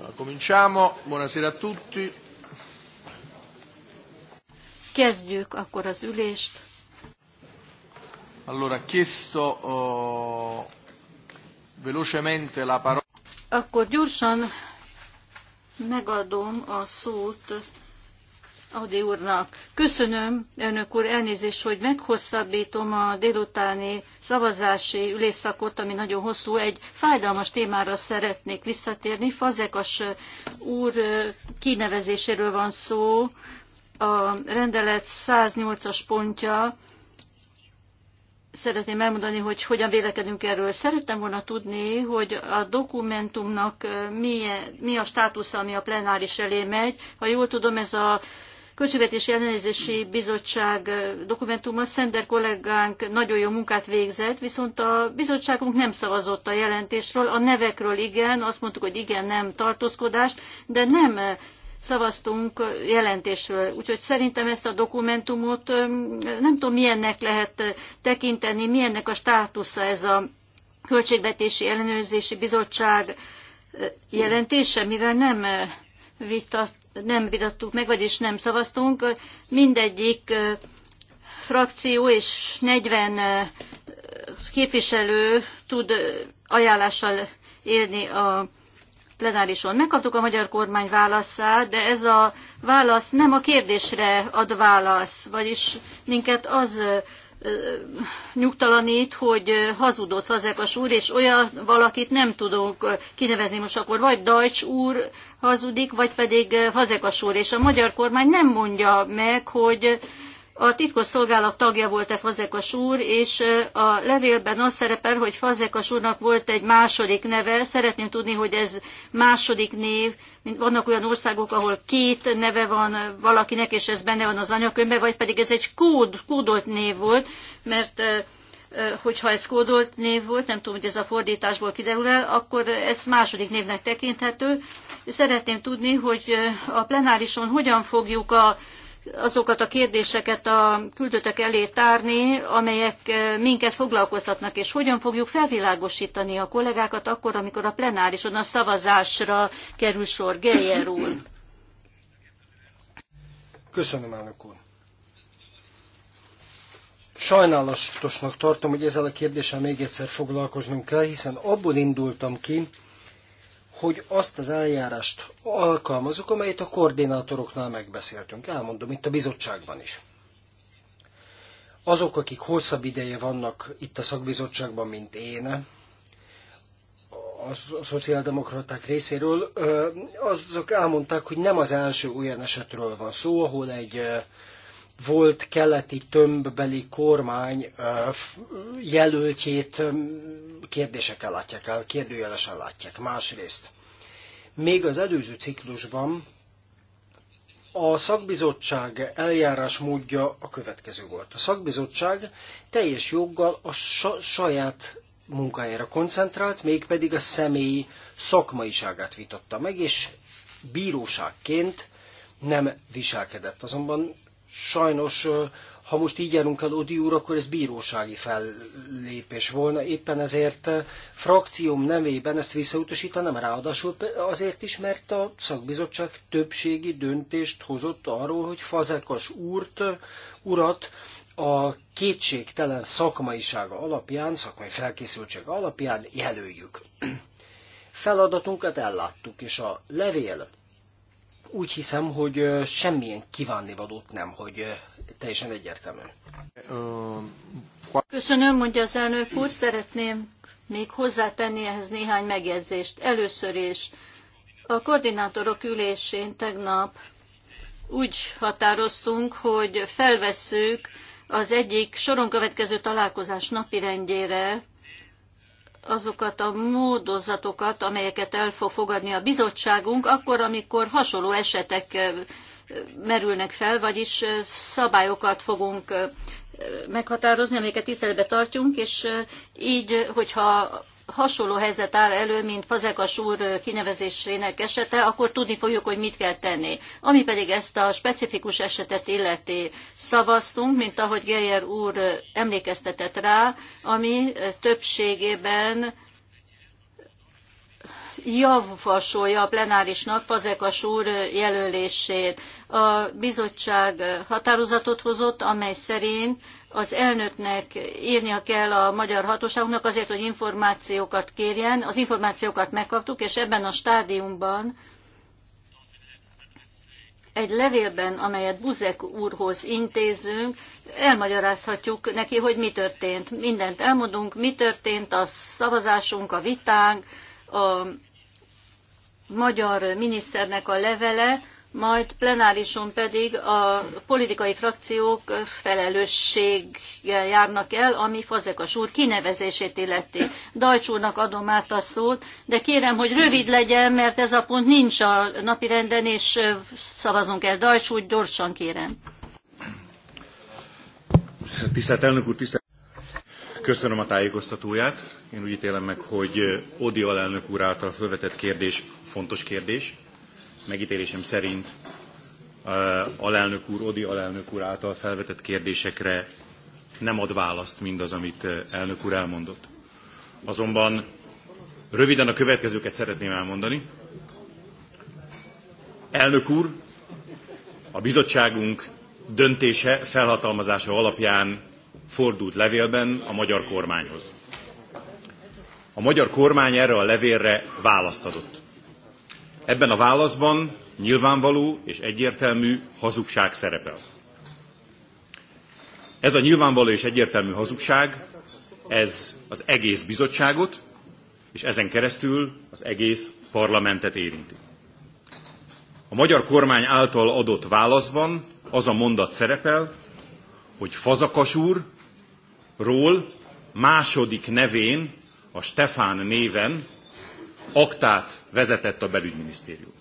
Allora, cominciamo. Buonasera a tutti. Kezdjük akkor az ülést. Allora, chiesto oh, velocemente la parola. Akkor gyorsan megadom a szót Audi úrnak. Köszönöm, elnök úr, elnézést, hogy meghosszabbítom a délutáni szavazási ülésszakot, ami nagyon hosszú. Egy fájdalmas témára szeretnék visszatérni. Fazekas úr kinevezéséről van szó. A rendelet 108-as pontja szeretném elmondani, hogy hogyan vélekedünk erről. Szerettem volna tudni, hogy a dokumentumnak mi, mi a státusza, ami a plenáris elé megy. Ha jól tudom, ez a Költségvetési Ellenőrzési Bizottság dokumentuma Szender kollégánk nagyon jó munkát végzett, viszont a bizottságunk nem szavazott a jelentésről, a nevekről igen, azt mondtuk, hogy igen, nem tartózkodás, de nem szavaztunk jelentésről. Úgyhogy szerintem ezt a dokumentumot nem tudom, milyennek lehet tekinteni, milyennek a státusza ez a Költségvetési Ellenőrzési Bizottság jelentése, mivel nem vitat nem vitattuk meg, vagyis nem szavaztunk. Mindegyik frakció és 40 képviselő tud ajánlással élni a plenárison. Megkaptuk a magyar kormány válaszát, de ez a válasz nem a kérdésre ad válasz, vagyis minket az nyugtalanít, hogy hazudott Fazekas úr, és olyan valakit nem tudunk kinevezni most akkor, vagy Dajcs úr hazudik, vagy pedig fazekasúr és a magyar kormány nem mondja meg, hogy a titkos szolgálat tagja volt-e Fazekas úr, és a levélben az szerepel, hogy Fazekas úrnak volt egy második neve. Szeretném tudni, hogy ez második név, mint vannak olyan országok, ahol két neve van valakinek, és ez benne van az anyakönyvben, vagy pedig ez egy kód, kódolt név volt, mert hogyha ez kódolt név volt, nem tudom, hogy ez a fordításból kiderül el, akkor ez második névnek tekinthető. Szeretném tudni, hogy a plenárison hogyan fogjuk a, azokat a kérdéseket a küldöttek elé tárni, amelyek minket foglalkoztatnak, és hogyan fogjuk felvilágosítani a kollégákat akkor, amikor a plenárison a szavazásra kerül sor. Geyer úr. Köszönöm, elnök úr. Sajnálatosnak tartom, hogy ezzel a kérdéssel még egyszer foglalkoznunk kell, hiszen abból indultam ki, hogy azt az eljárást alkalmazok, amelyet a koordinátoroknál megbeszéltünk. Elmondom itt a bizottságban is. Azok, akik hosszabb ideje vannak itt a szakbizottságban, mint én, a szociáldemokraták részéről, azok elmondták, hogy nem az első olyan esetről van szó, ahol egy volt keleti tömbbeli kormány jelöltjét kérdésekkel látják el, kérdőjelesen látják. Másrészt, még az előző ciklusban a szakbizottság eljárás módja a következő volt. A szakbizottság teljes joggal a saját munkájára koncentrált, mégpedig a személyi szakmaiságát vitatta meg, és bíróságként nem viselkedett. Azonban sajnos, ha most így járunk el Odi úr, akkor ez bírósági fellépés volna. Éppen ezért frakcióm nevében ezt visszautasítanám, ráadásul azért is, mert a szakbizottság többségi döntést hozott arról, hogy Fazekas úrt, urat a kétségtelen szakmaisága alapján, szakmai felkészültség alapján jelöljük. Feladatunkat elláttuk, és a levél, úgy hiszem, hogy semmilyen kívánnivalót nem, hogy teljesen egyértelmű. Köszönöm, mondja az elnök úr, szeretném még hozzátenni ehhez néhány megjegyzést. Először is a koordinátorok ülésén tegnap úgy határoztunk, hogy felvesszük az egyik soron következő találkozás napirendjére azokat a módozatokat, amelyeket el fog fogadni a bizottságunk, akkor, amikor hasonló esetek merülnek fel, vagyis szabályokat fogunk meghatározni, amelyeket tiszteletbe tartjunk, és így, hogyha hasonló helyzet áll elő, mint Fazekas úr kinevezésének esete, akkor tudni fogjuk, hogy mit kell tenni. Ami pedig ezt a specifikus esetet illeti szavaztunk, mint ahogy Geyer úr emlékeztetett rá, ami többségében javasolja a plenárisnak Fazekas úr jelölését. A bizottság határozatot hozott, amely szerint az elnöknek írnia kell a magyar hatóságoknak azért, hogy információkat kérjen. Az információkat megkaptuk, és ebben a stádiumban egy levélben, amelyet Buzek úrhoz intézünk, elmagyarázhatjuk neki, hogy mi történt. Mindent elmondunk, mi történt, a szavazásunk, a vitánk, a magyar miniszternek a levele, majd plenárison pedig a politikai frakciók felelősséggel járnak el, ami Fazekas úr kinevezését illeti. Dajcs úrnak adom át a szót, de kérem, hogy rövid legyen, mert ez a pont nincs a napirenden, és szavazunk el. Dajcs úr, gyorsan kérem. Tisztelt elnök úr, tisztelt... Köszönöm a tájékoztatóját. Én úgy ítélem meg, hogy Odi alelnök úr által felvetett kérdés fontos kérdés megítélésem szerint alelnök úr, Odi alelnök úr által felvetett kérdésekre nem ad választ mindaz, amit elnök úr elmondott. Azonban röviden a következőket szeretném elmondani. Elnök úr, a bizottságunk döntése, felhatalmazása alapján fordult levélben a magyar kormányhoz. A magyar kormány erre a levélre választ adott. Ebben a válaszban nyilvánvaló és egyértelmű hazugság szerepel. Ez a nyilvánvaló és egyértelmű hazugság, ez az egész bizottságot, és ezen keresztül az egész parlamentet érinti. A magyar kormány által adott válaszban az a mondat szerepel, hogy Fazakas úrról második nevén, a Stefán néven aktát vezetett a belügyminisztérium.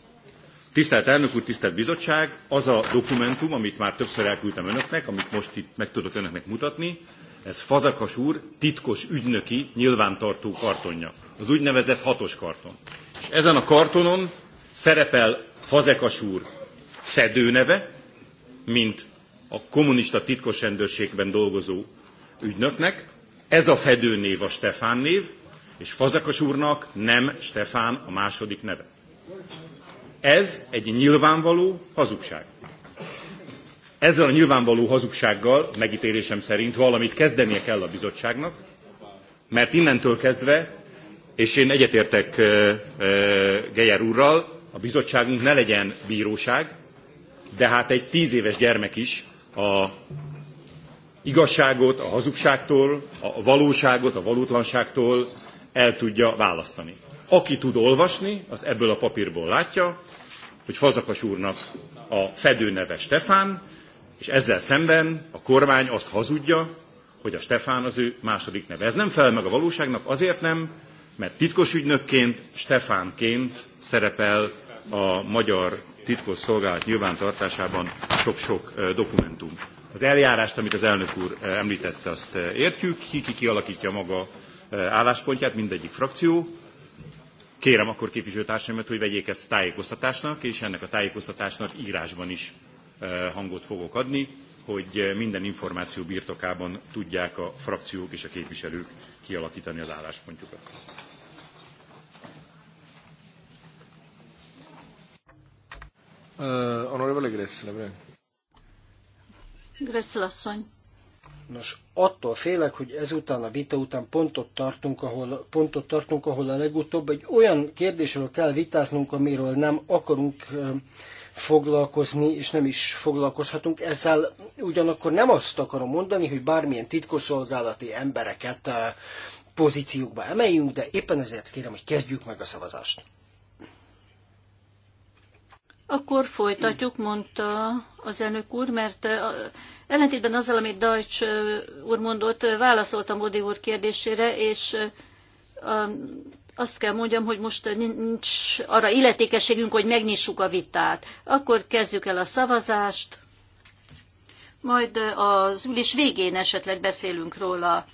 Tisztelt elnök úr, tisztelt bizottság, az a dokumentum, amit már többször elküldtem önöknek, amit most itt meg tudok önöknek mutatni, ez Fazakas úr titkos ügynöki nyilvántartó kartonja, az úgynevezett hatos karton. És ezen a kartonon szerepel Fazekas úr fedőneve, mint a kommunista titkos rendőrségben dolgozó ügynöknek. Ez a fedőnév a Stefán név, és Fazekas úrnak nem Stefán a második neve. Ez egy nyilvánvaló hazugság. Ezzel a nyilvánvaló hazugsággal, megítélésem szerint valamit kezdenie kell a bizottságnak, mert innentől kezdve, és én egyetértek Geyer úrral, a bizottságunk ne legyen bíróság, de hát egy tíz éves gyermek is a igazságot a hazugságtól, a valóságot a valótlanságtól el tudja választani. Aki tud olvasni, az ebből a papírból látja, hogy Fazakas úrnak a neve Stefán, és ezzel szemben a kormány azt hazudja, hogy a Stefán az ő második neve. Ez nem felel meg a valóságnak, azért nem, mert titkos ügynökként, Stefánként szerepel a magyar titkos szolgálat nyilvántartásában sok-sok dokumentum. Az eljárást, amit az elnök úr említette, azt értjük, ki, ki kialakítja maga álláspontját mindegyik frakció. Kérem akkor képviselőtársaimat, hogy vegyék ezt a tájékoztatásnak, és ennek a tájékoztatásnak írásban is hangot fogok adni, hogy minden információ birtokában tudják a frakciók és a képviselők kialakítani az álláspontjukat. Uh, honorable Gressle, Gressle asszony. Nos, Attól félek, hogy ezután a vita után pontot tartunk, ahol, pontot tartunk, ahol a legutóbb egy olyan kérdésről kell vitáznunk, amiről nem akarunk foglalkozni, és nem is foglalkozhatunk. Ezzel ugyanakkor nem azt akarom mondani, hogy bármilyen titkosszolgálati embereket pozíciókba emeljünk, de éppen ezért kérem, hogy kezdjük meg a szavazást. Akkor folytatjuk, mondta az elnök úr, mert ellentétben azzal, amit Deutsch úr mondott, válaszoltam modi úr kérdésére, és azt kell mondjam, hogy most nincs arra illetékességünk, hogy megnyissuk a vitát. Akkor kezdjük el a szavazást, majd az ülés végén esetleg beszélünk róla.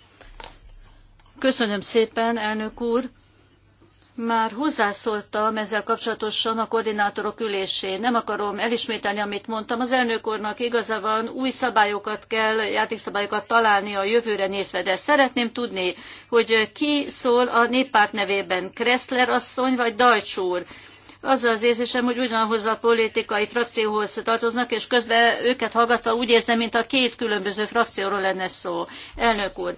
Köszönöm szépen, elnök úr! már hozzászóltam ezzel kapcsolatosan a koordinátorok ülésén. Nem akarom elismételni, amit mondtam. Az elnök úrnak igaza van, új szabályokat kell, játékszabályokat találni a jövőre nézve, de szeretném tudni, hogy ki szól a néppárt nevében, Kressler asszony vagy Dajcs úr? az az érzésem, hogy ugyanahoz a politikai frakcióhoz tartoznak, és közben őket hallgatva úgy érzem, mint a két különböző frakcióról lenne szó. Elnök úr,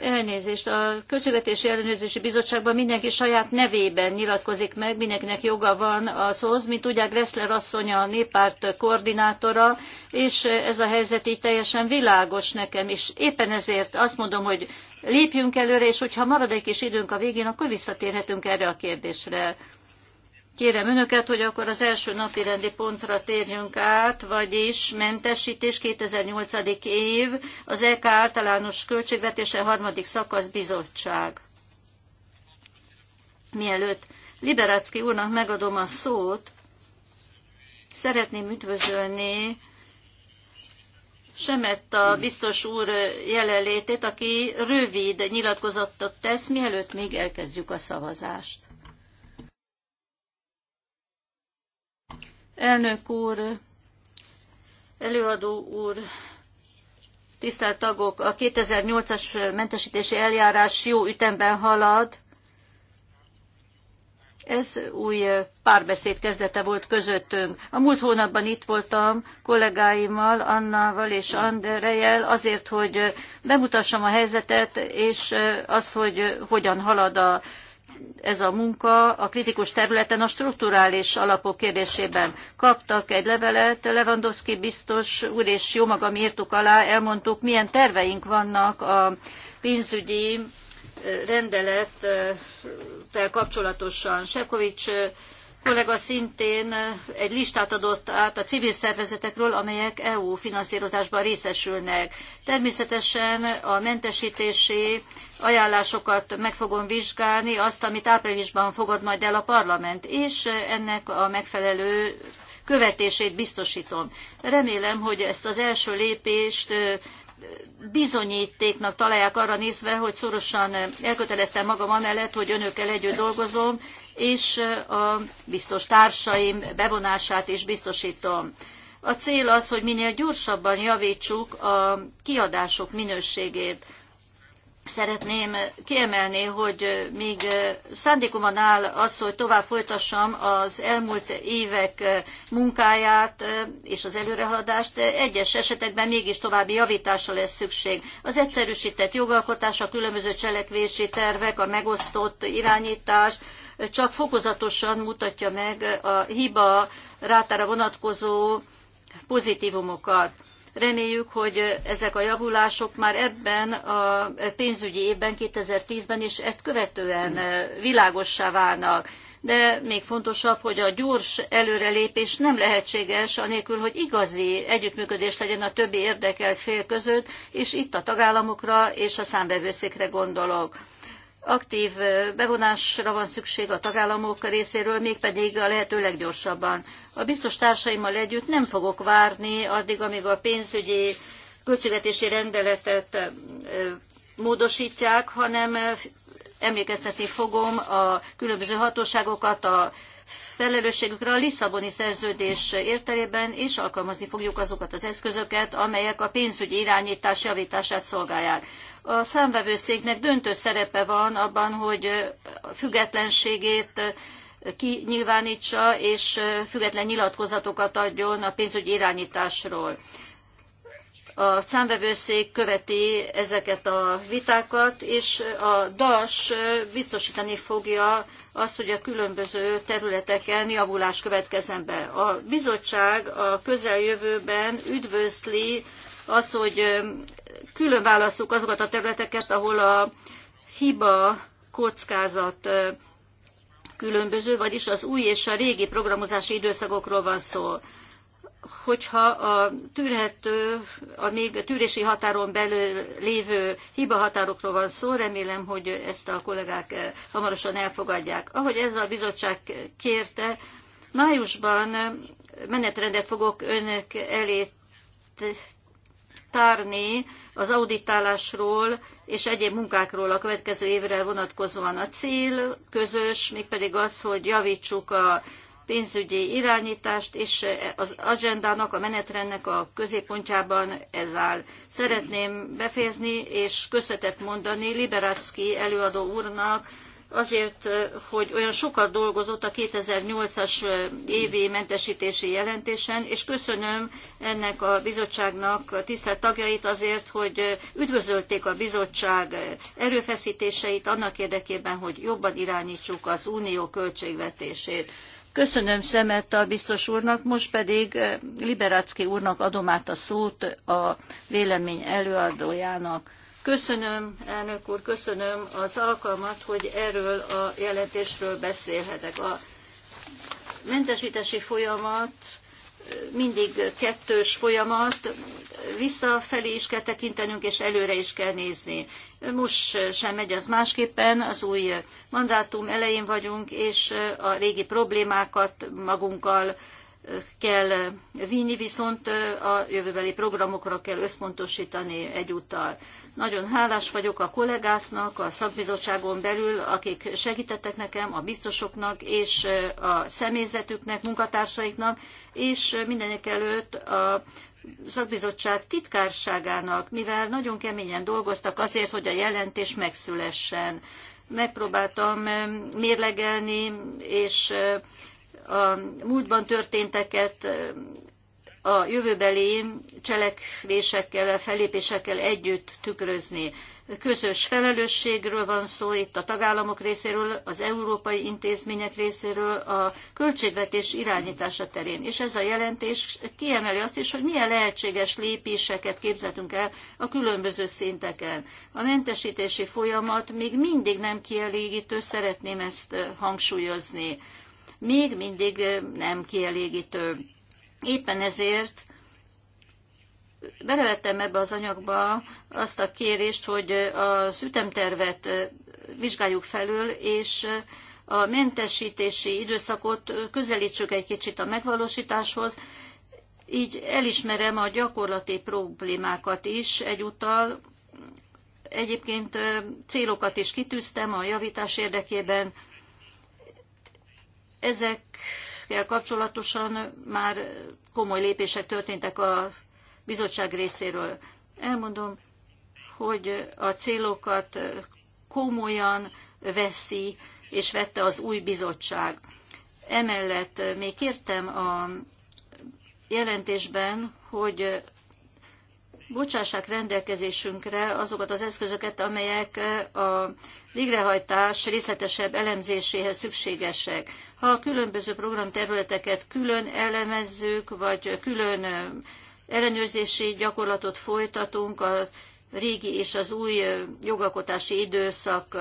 Elnézést, a Költségvetési Ellenőrzési Bizottságban mindenki saját nevében nyilatkozik meg, mindenkinek joga van a szóhoz, mint tudják Gressler asszony a néppárt koordinátora, és ez a helyzet így teljesen világos nekem, és éppen ezért azt mondom, hogy lépjünk előre, és hogyha marad egy kis időnk a végén, akkor visszatérhetünk erre a kérdésre. Kérem önöket, hogy akkor az első napi rendi pontra térjünk át, vagyis mentesítés 2008. év, az EK általános költségvetése harmadik szakasz bizottság. Mielőtt Liberácki úrnak megadom a szót, szeretném üdvözölni a biztos úr jelenlétét, aki rövid nyilatkozatot tesz, mielőtt még elkezdjük a szavazást. Elnök úr, előadó úr, tisztelt tagok, a 2008-as mentesítési eljárás jó ütemben halad. Ez új párbeszéd kezdete volt közöttünk. A múlt hónapban itt voltam kollégáimmal, Annával és Andrejel azért, hogy bemutassam a helyzetet, és az, hogy hogyan halad a ez a munka a kritikus területen a strukturális alapok kérdésében. Kaptak egy levelet, Lewandowski biztos úr és jó magam írtuk alá, elmondtuk, milyen terveink vannak a pénzügyi eh, rendelettel kapcsolatosan. Sefkovics eh, kollega szintén egy listát adott át a civil szervezetekről, amelyek EU finanszírozásban részesülnek. Természetesen a mentesítési ajánlásokat meg fogom vizsgálni, azt, amit áprilisban fogad majd el a parlament, és ennek a megfelelő követését biztosítom. Remélem, hogy ezt az első lépést bizonyítéknak találják arra nézve, hogy szorosan elköteleztem magam amellett, hogy önökkel együtt dolgozom, és a biztos társaim bevonását is biztosítom. A cél az, hogy minél gyorsabban javítsuk a kiadások minőségét. Szeretném kiemelni, hogy még szándékomban áll az, hogy tovább folytassam az elmúlt évek munkáját és az előrehaladást. Egyes esetekben mégis további javításra lesz szükség. Az egyszerűsített jogalkotás, a különböző cselekvési tervek, a megosztott irányítás, csak fokozatosan mutatja meg a hiba rátára vonatkozó pozitívumokat. Reméljük, hogy ezek a javulások már ebben a pénzügyi évben, 2010-ben és ezt követően világossá válnak. De még fontosabb, hogy a gyors előrelépés nem lehetséges, anélkül, hogy igazi együttműködés legyen a többi érdekelt fél között, és itt a tagállamokra és a számvevőszékre gondolok aktív bevonásra van szükség a tagállamok részéről, mégpedig a lehető leggyorsabban. A biztos társaimmal együtt nem fogok várni addig, amíg a pénzügyi költségvetési rendeletet módosítják, hanem emlékeztetni fogom a különböző hatóságokat a felelősségükre a Lisszaboni szerződés értelében, és alkalmazni fogjuk azokat az eszközöket, amelyek a pénzügyi irányítás javítását szolgálják a számvevőszéknek döntő szerepe van abban, hogy függetlenségét kinyilvánítsa, és független nyilatkozatokat adjon a pénzügyi irányításról. A számvevőszék követi ezeket a vitákat, és a DAS biztosítani fogja azt, hogy a különböző területeken javulás következzen be. A bizottság a közeljövőben üdvözli az, hogy külön válasszuk azokat a területeket, ahol a hiba kockázat különböző, vagyis az új és a régi programozási időszakokról van szó. Hogyha a tűrhető, a még tűrési határon belül lévő hibahatárokról van szó, remélem, hogy ezt a kollégák hamarosan elfogadják. Ahogy ez a bizottság kérte, májusban menetrendet fogok önök elé tárni az auditálásról és egyéb munkákról a következő évre vonatkozóan. A cél közös, mégpedig az, hogy javítsuk a pénzügyi irányítást, és az agendának, a menetrendnek a középpontjában ez áll. Szeretném befejezni és köszönetet mondani Liberácki előadó úrnak, azért, hogy olyan sokat dolgozott a 2008-as évi mentesítési jelentésen, és köszönöm ennek a bizottságnak a tisztelt tagjait azért, hogy üdvözölték a bizottság erőfeszítéseit annak érdekében, hogy jobban irányítsuk az unió költségvetését. Köszönöm szemet a biztos úrnak, most pedig Liberácki úrnak adom át a szót a vélemény előadójának. Köszönöm, elnök úr, köszönöm az alkalmat, hogy erről a jelentésről beszélhetek. A mentesítési folyamat mindig kettős folyamat, visszafelé is kell tekintenünk, és előre is kell nézni. Most sem megy az másképpen, az új mandátum elején vagyunk, és a régi problémákat magunkkal kell vinni, viszont a jövőbeli programokra kell összpontosítani egyúttal. Nagyon hálás vagyok a kollégáknak, a szakbizottságon belül, akik segítettek nekem, a biztosoknak és a személyzetüknek, munkatársaiknak, és mindenek előtt a szakbizottság titkárságának, mivel nagyon keményen dolgoztak azért, hogy a jelentés megszülessen. Megpróbáltam mérlegelni és a múltban történteket a jövőbeli cselekvésekkel, fellépésekkel együtt tükrözni. Közös felelősségről van szó itt a tagállamok részéről, az európai intézmények részéről, a költségvetés irányítása terén. És ez a jelentés kiemeli azt is, hogy milyen lehetséges lépéseket képzetünk el a különböző szinteken. A mentesítési folyamat még mindig nem kielégítő, szeretném ezt hangsúlyozni még mindig nem kielégítő. Éppen ezért belevettem ebbe az anyagba azt a kérést, hogy az ütemtervet vizsgáljuk felül, és a mentesítési időszakot közelítsük egy kicsit a megvalósításhoz, így elismerem a gyakorlati problémákat is egyúttal. Egyébként célokat is kitűztem a javítás érdekében, Ezekkel kapcsolatosan már komoly lépések történtek a bizottság részéről. Elmondom, hogy a célokat komolyan veszi és vette az új bizottság. Emellett még kértem a jelentésben, hogy bocsássák rendelkezésünkre azokat az eszközöket, amelyek a végrehajtás részletesebb elemzéséhez szükségesek. Ha a különböző programterületeket külön elemezzük, vagy külön ellenőrzési gyakorlatot folytatunk a régi és az új jogalkotási időszak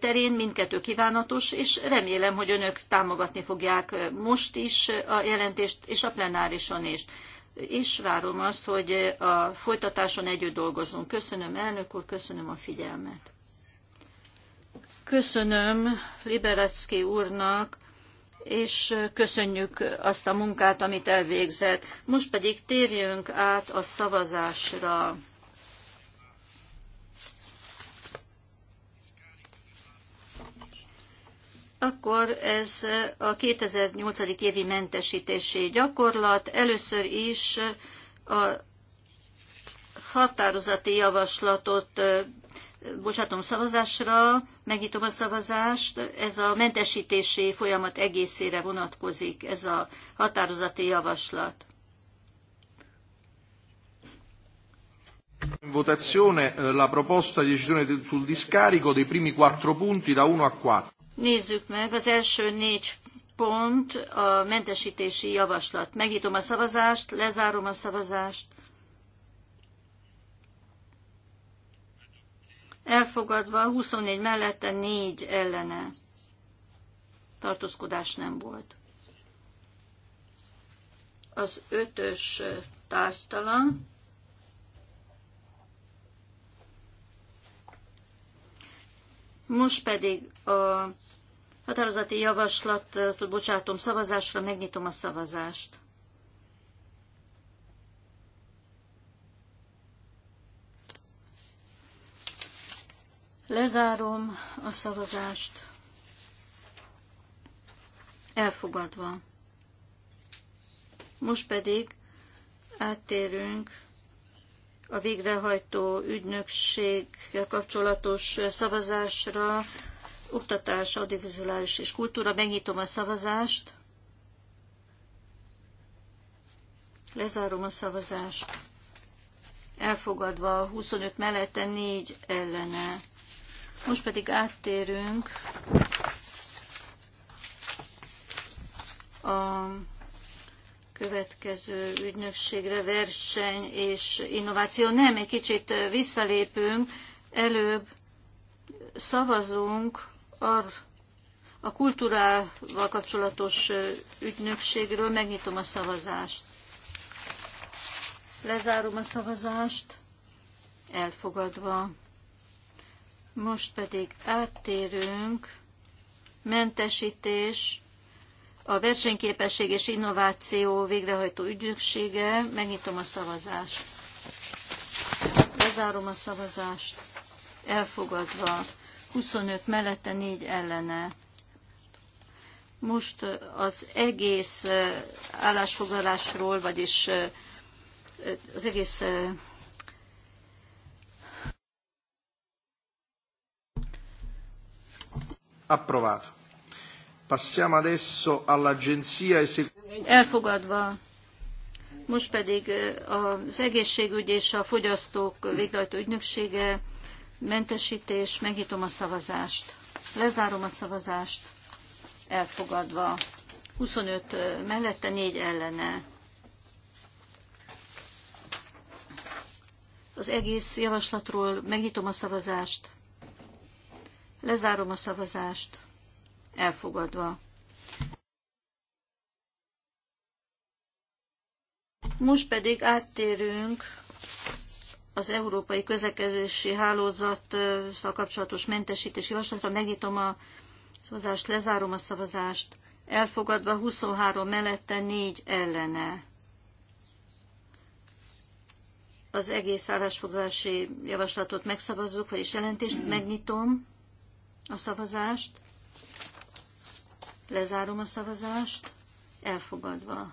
terén mindkettő kívánatos, és remélem, hogy önök támogatni fogják most is a jelentést, és a plenárison is és várom azt, hogy a folytatáson együtt dolgozunk. Köszönöm, elnök úr, köszönöm a figyelmet. Köszönöm Liberecki úrnak, és köszönjük azt a munkát, amit elvégzett. Most pedig térjünk át a szavazásra. akkor ez a 2008. évi mentesítési gyakorlat először is a határozati javaslatot bocsátom szavazásra, megnyitom a szavazást, ez a mentesítési folyamat egészére vonatkozik, ez a határozati javaslat. In votazione eh, la proposta di decisione sul discarico dei primi quattro punti da 1 a 4. Nézzük meg az első négy pont a mentesítési javaslat. Megnyitom a szavazást, lezárom a szavazást. Elfogadva 24 mellette 4 ellene. Tartózkodás nem volt. Az ötös társtalan. Most pedig a Határozati javaslatot bocsátom szavazásra, megnyitom a szavazást. Lezárom a szavazást. Elfogadva. Most pedig áttérünk a végrehajtó ügynökséggel kapcsolatos szavazásra oktatás, audiovizuális és kultúra. Megnyitom a szavazást. Lezárom a szavazást. Elfogadva 25 mellette 4 ellene. Most pedig áttérünk a következő ügynökségre verseny és innováció. Nem, egy kicsit visszalépünk, előbb szavazunk Ar a kultúrával kapcsolatos ügynökségről megnyitom a szavazást. Lezárom a szavazást, elfogadva. Most pedig áttérünk, mentesítés, a versenyképesség és innováció végrehajtó ügynöksége, megnyitom a szavazást. Lezárom a szavazást, elfogadva. 25 mellette, 4 ellene. Most az egész állásfoglalásról, vagyis az egész Approvato. Passiamo adesso all'agenzia esecutiva. Elfogadva. Most pedig az egészségügy és a fogyasztók végrehajtó ügynöksége mentesítés, megnyitom a szavazást, lezárom a szavazást, elfogadva. 25 mellette, 4 ellene. Az egész javaslatról megnyitom a szavazást, lezárom a szavazást, elfogadva. Most pedig áttérünk az Európai Közlekedési Hálózattal kapcsolatos mentesítési javaslatra. Megnyitom a szavazást, lezárom a szavazást. Elfogadva 23 mellette 4 ellene. Az egész állásfoglalási javaslatot megszavazzuk, vagyis jelentést megnyitom a szavazást. Lezárom a szavazást. Elfogadva.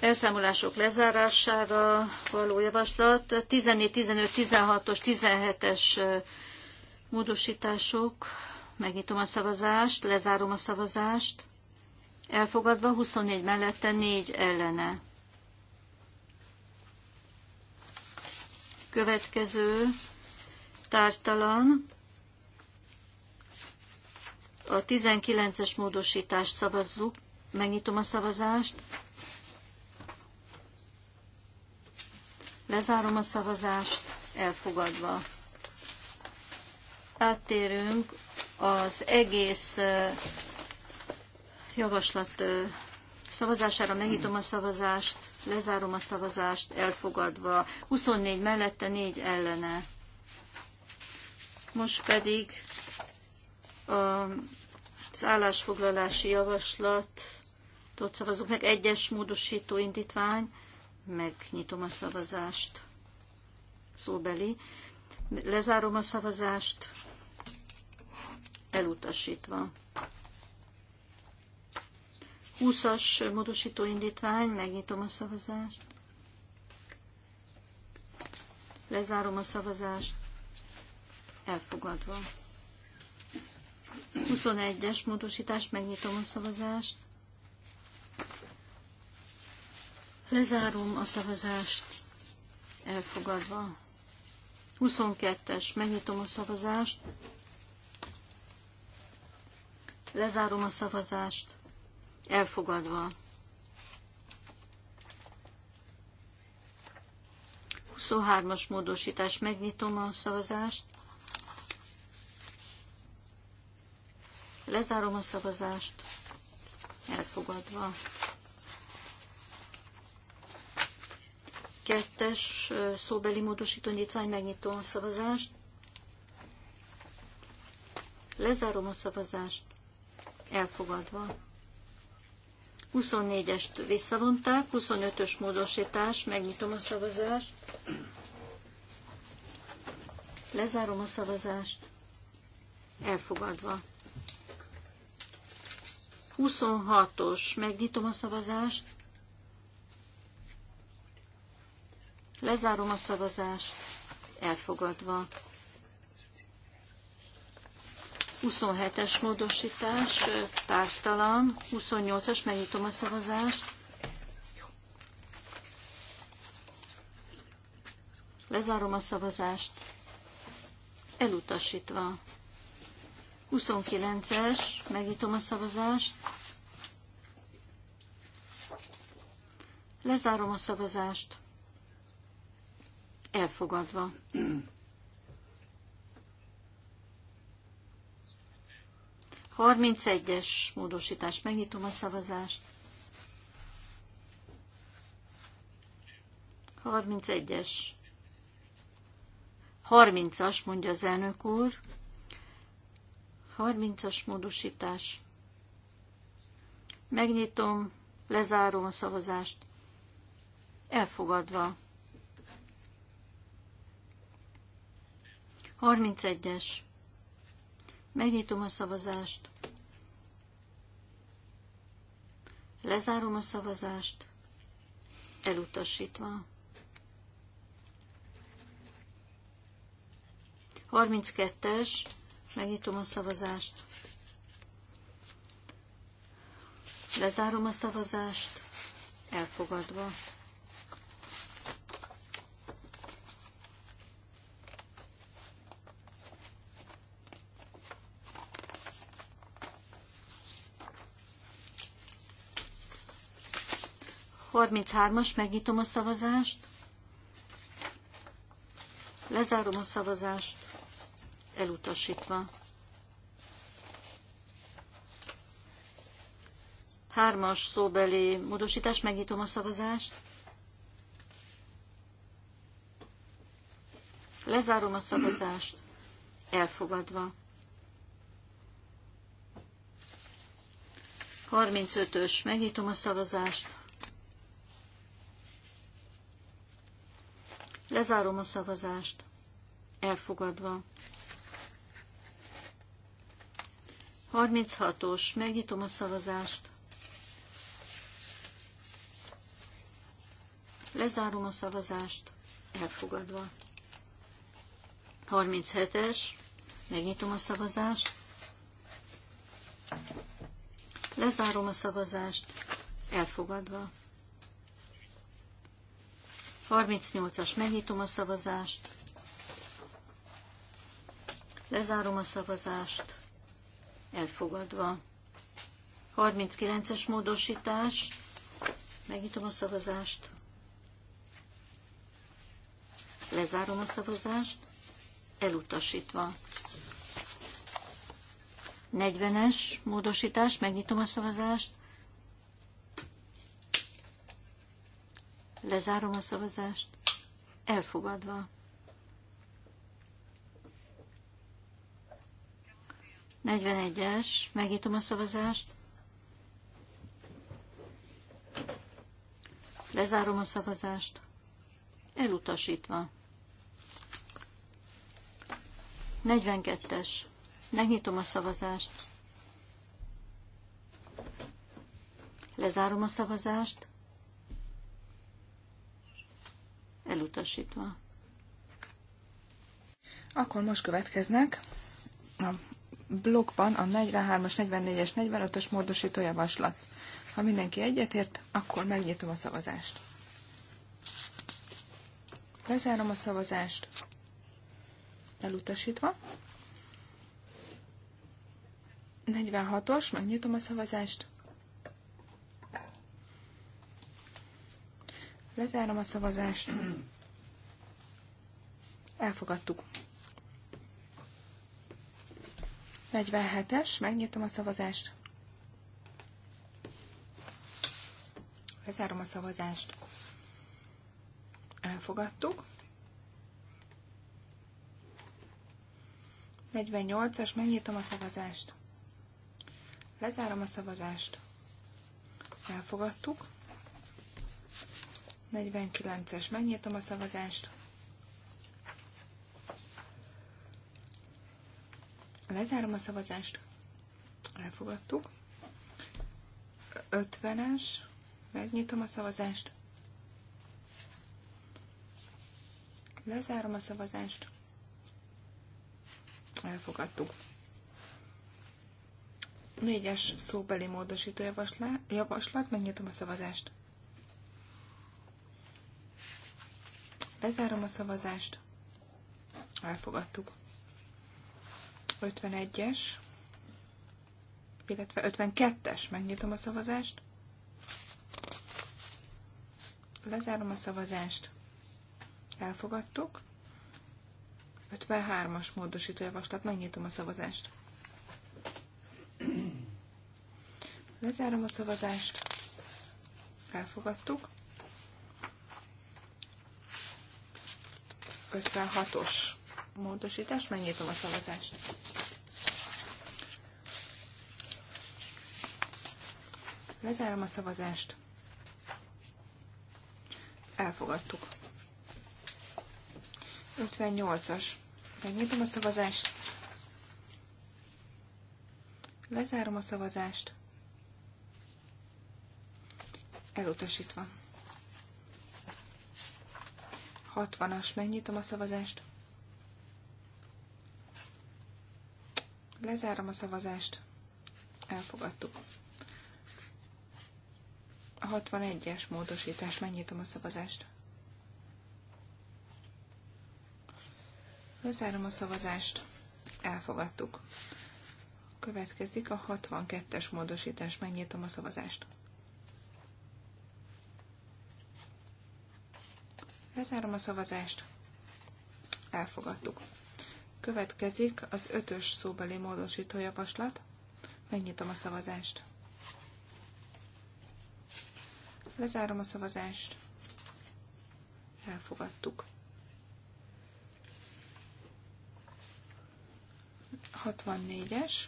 elszámolások lezárására való javaslat, 14, 15, 16-os, 17-es módosítások, megnyitom a szavazást, lezárom a szavazást, elfogadva 24 mellette, 4 ellene. Következő tártalan a 19-es módosítást szavazzuk, megnyitom a szavazást, Lezárom a szavazást, elfogadva. Áttérünk az egész javaslat szavazására megnyitom a szavazást, lezárom a szavazást, elfogadva. 24 mellette, 4 ellene. Most pedig az állásfoglalási ott szavazunk meg, egyes módosító indítvány Megnyitom a szavazást. Szóbeli. Lezárom a szavazást. Elutasítva. 20-as módosító indítvány, megnyitom a szavazást. Lezárom a szavazást. Elfogadva. 21-es módosítást, megnyitom a szavazást. Lezárom a szavazást. Elfogadva. 22-es. Megnyitom a szavazást. Lezárom a szavazást. Elfogadva. 23-as módosítás. Megnyitom a szavazást. Lezárom a szavazást. Elfogadva. kettes szóbeli módosító nyitvány, megnyitom a szavazást. Lezárom a szavazást. Elfogadva. 24-est visszavonták, 25-ös módosítás, megnyitom a szavazást. Lezárom a szavazást. Elfogadva. 26-os, megnyitom a szavazást. Lezárom a szavazást, elfogadva. 27-es módosítás, tártalan, 28-as, megnyitom a szavazást. Lezárom a szavazást. Elutasítva. 29-es, megnyitom a szavazást. Lezárom a szavazást. Elfogadva. Harminc egyes módosítás. Megnyitom a szavazást. 31-es. 30-as, mondja az elnök úr. 30-as módosítás. Megnyitom, lezárom a szavazást. Elfogadva. 31-es. Megnyitom a szavazást. Lezárom a szavazást. Elutasítva. 32-es. Megnyitom a szavazást. Lezárom a szavazást. Elfogadva. 33-as, megnyitom a szavazást. Lezárom a szavazást, elutasítva. Hármas szóbeli módosítás, megnyitom a szavazást. Lezárom a szavazást, elfogadva. 35-ös, megnyitom a szavazást. Lezárom a szavazást. Elfogadva. 36-os. Megnyitom a szavazást. Lezárom a szavazást. Elfogadva. 37-es. Megnyitom a szavazást. Lezárom a szavazást. Elfogadva. 38-as, megnyitom a szavazást, lezárom a szavazást, elfogadva. 39-es módosítás, megnyitom a szavazást, lezárom a szavazást, elutasítva. 40-es módosítás, megnyitom a szavazást, Lezárom a szavazást. Elfogadva. Negyvenegyes. Megnyitom a szavazást. Lezárom a szavazást. Elutasítva. 42-es. Megnyitom a szavazást. Lezárom a szavazást. elutasítva. Akkor most következnek a blokkban a 43-as, 44-es, 45-ös módosító javaslat. Ha mindenki egyetért, akkor megnyitom a szavazást. Lezárom a szavazást. Elutasítva. 46-os, megnyitom a szavazást. Lezárom a szavazást. Elfogadtuk. 47-es, megnyitom a szavazást. Lezárom a szavazást. Elfogadtuk. 48-as, megnyitom a szavazást. Lezárom a szavazást. Elfogadtuk. 49-es. Megnyitom a szavazást. Lezárom a szavazást. Elfogadtuk. 50-es. Megnyitom a szavazást. Lezárom a szavazást. Elfogadtuk. Négyes szóbeli módosító javaslat, megnyitom a szavazást. Lezárom a szavazást. Elfogadtuk. 51-es, illetve 52-es. Megnyitom a szavazást. Lezárom a szavazást. Elfogadtuk. 53-as javaslat. Megnyitom a szavazást. Lezárom a szavazást. Elfogadtuk. 56-os módosítás, megnyitom a szavazást. Lezárom a szavazást. Elfogadtuk. 58-as. Megnyitom a szavazást. Lezárom a szavazást. Elutasítva. 60-as, megnyitom a szavazást. Lezárom a szavazást. Elfogadtuk. A 61-es módosítás, megnyitom a szavazást. Lezárom a szavazást. Elfogadtuk. Következik a 62-es módosítás, megnyitom a szavazást. Lezárom a szavazást. Elfogadtuk. Következik az ötös szóbeli módosító javaslat. Megnyitom a szavazást. Lezárom a szavazást. Elfogadtuk. 64-es.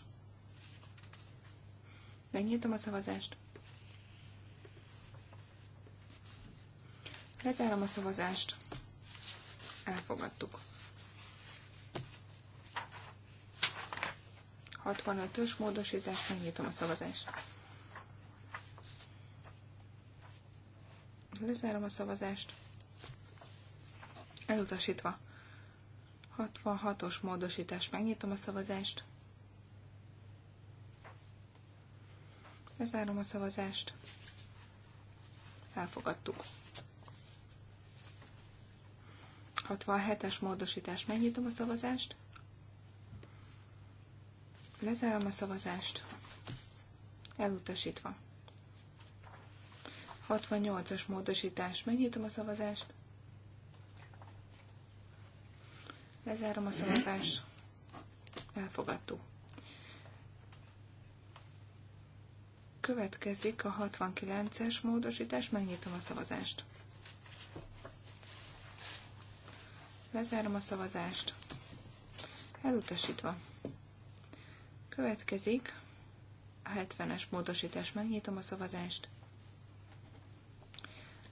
Megnyitom a szavazást. Lezárom a szavazást. Elfogadtuk. 65-ös módosítást, megnyitom a szavazást. Lezárom a szavazást. Elutasítva. 66-os módosítást, megnyitom a szavazást. Lezárom a szavazást. Elfogadtuk. 167-es módosítás. Megnyitom a szavazást. Lezárom a szavazást. Elutasítva. 68-as módosítás. Megnyitom a szavazást. Lezárom a szavazást. Elfogadtuk. Következik a 69-es módosítás. Megnyitom a szavazást. Lezárom a szavazást. Elutasítva. Következik a 70-es módosítás. Megnyitom a szavazást.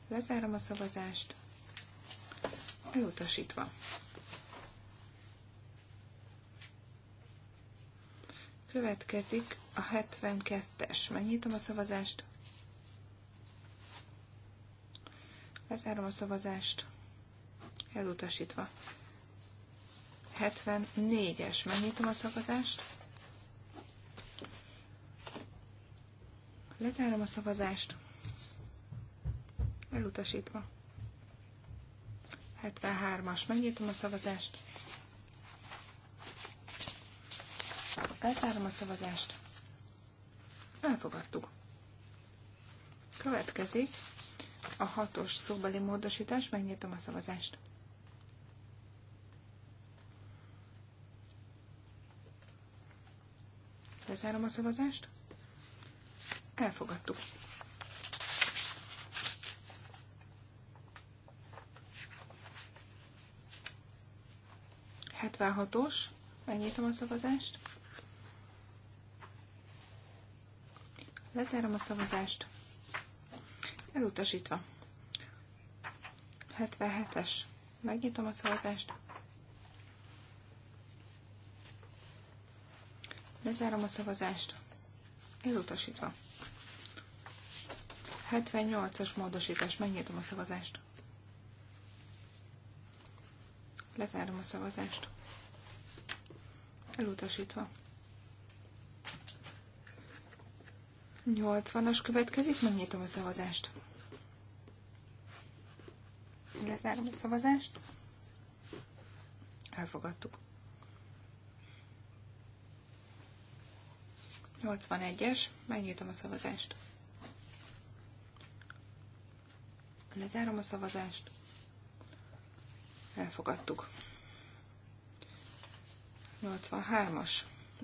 Lezárom a szavazást. Elutasítva. Következik a 72-es. Megnyitom a szavazást. Lezárom a szavazást elutasítva. 74-es, megnyitom a szavazást. Lezárom a szavazást. Elutasítva. 73-as, megnyitom a szavazást. Lezárom a szavazást. Elfogadtuk. Következik a hatos szóbeli módosítás, megnyitom a szavazást. Lezárom a szavazást. Elfogadtuk. Hetvenhatos. Megnyitom a szavazást. Lezárom a szavazást. Elutasítva. 77-es. Megnyitom a szavazást. Lezárom a szavazást. Elutasítva. 78-as módosítás. Megnyitom a szavazást. Lezárom a szavazást. Elutasítva. 80-as következik, megnyitom a szavazást. Lezárom a szavazást. Elfogadtuk. 81-es, megnyitom a szavazást. Lezárom a szavazást. Elfogadtuk. 83-as.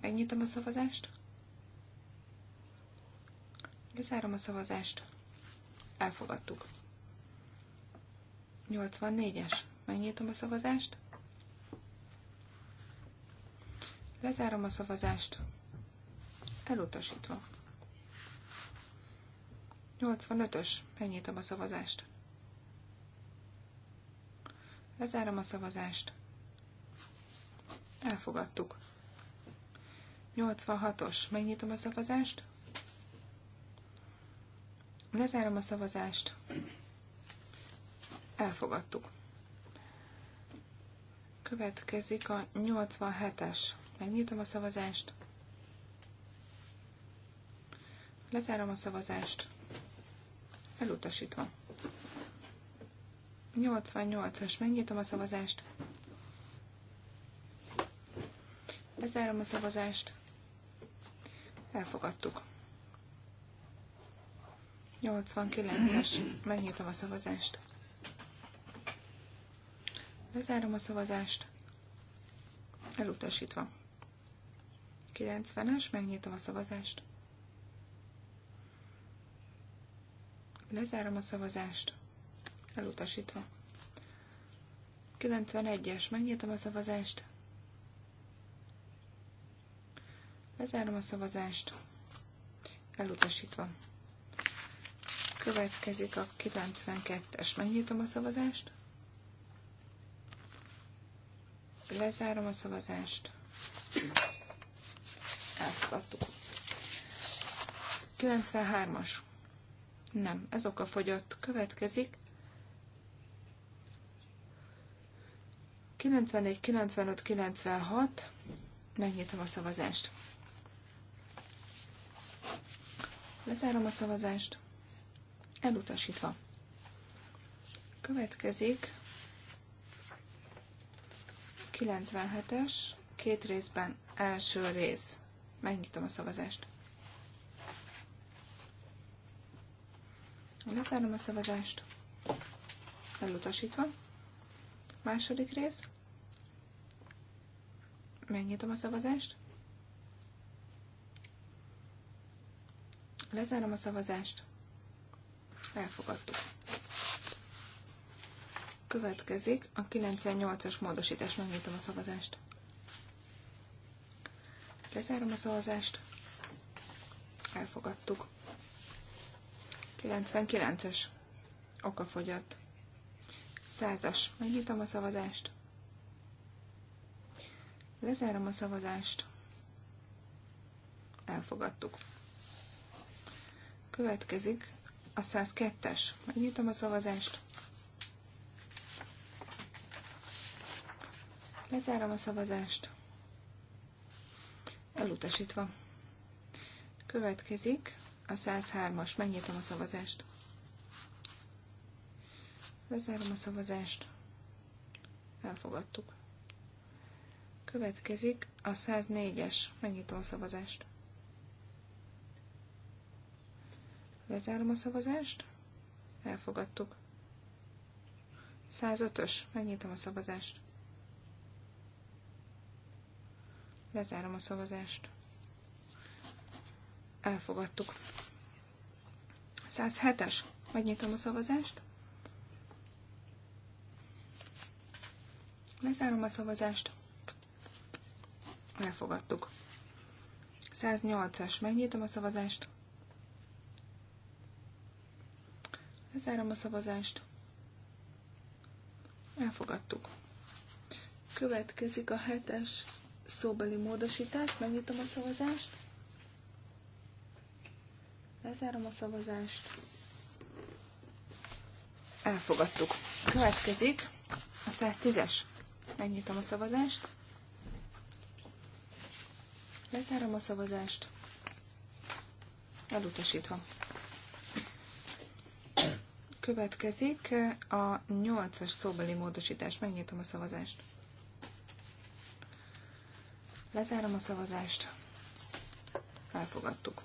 Megnyitom a szavazást. Lezárom a szavazást. Elfogadtuk. 84-es. Megnyitom a szavazást. Lezárom a szavazást. Elutasítva. 85-ös. Megnyitom a szavazást. Lezárom a szavazást. Elfogadtuk. 86-os. Megnyitom a szavazást. Lezárom a szavazást. Elfogadtuk. Következik a 87-es. Megnyitom a szavazást. Lezárom a szavazást. Elutasítva. 88-as. Megnyitom a szavazást. Lezárom a szavazást. Elfogadtuk. 89-es. Megnyitom a szavazást. Lezárom a szavazást. Elutasítva. 90-es. Megnyitom a szavazást. Lezárom a szavazást. Elutasítva. 91-es. Megnyitom a szavazást. Lezárom a szavazást. Elutasítva. Következik a 92-es. Megnyitom a szavazást. Lezárom a szavazást. Elfogadtuk. 93-as. Nem, ez oka fogyott. Következik. 94, 95, 96. Megnyitom a szavazást. Lezárom a szavazást. Elutasítva. Következik 97-es, két részben első rész. Megnyitom a szavazást. Lezárom a szavazást. Elutasítva. Második rész. Megnyitom a szavazást. Lezárom a szavazást. Elfogadtuk. Következik a 98-as módosítás. Megnyitom a szavazást. Lezárom a szavazást. Elfogadtuk. 99-es. Okafogyott. 100-as. Megnyitom a szavazást. Lezárom a szavazást. Elfogadtuk. Következik a 102-es. Megnyitom a szavazást. Lezárom a szavazást. Elutasítva. Következik a 103-as. Megnyitom a szavazást. Lezárom a szavazást. Elfogadtuk. Következik a 104-es. Megnyitom a szavazást. Lezárom a szavazást. Elfogadtuk. 105-ös. Megnyitom a szavazást. Lezárom a szavazást elfogadtuk. 107-es. Megnyitom a szavazást. Lezárom a szavazást. Elfogadtuk. 108-as. Megnyitom a szavazást. Lezárom a szavazást. Elfogadtuk. Következik a 7-es szóbeli módosítás. Megnyitom a szavazást. Lezárom a szavazást. Elfogadtuk. Következik a 110-es. Megnyitom a szavazást. Lezárom a szavazást. Elutasítva. Következik a 8-as szóbeli módosítás. Megnyitom a szavazást. Lezárom a szavazást. Elfogadtuk.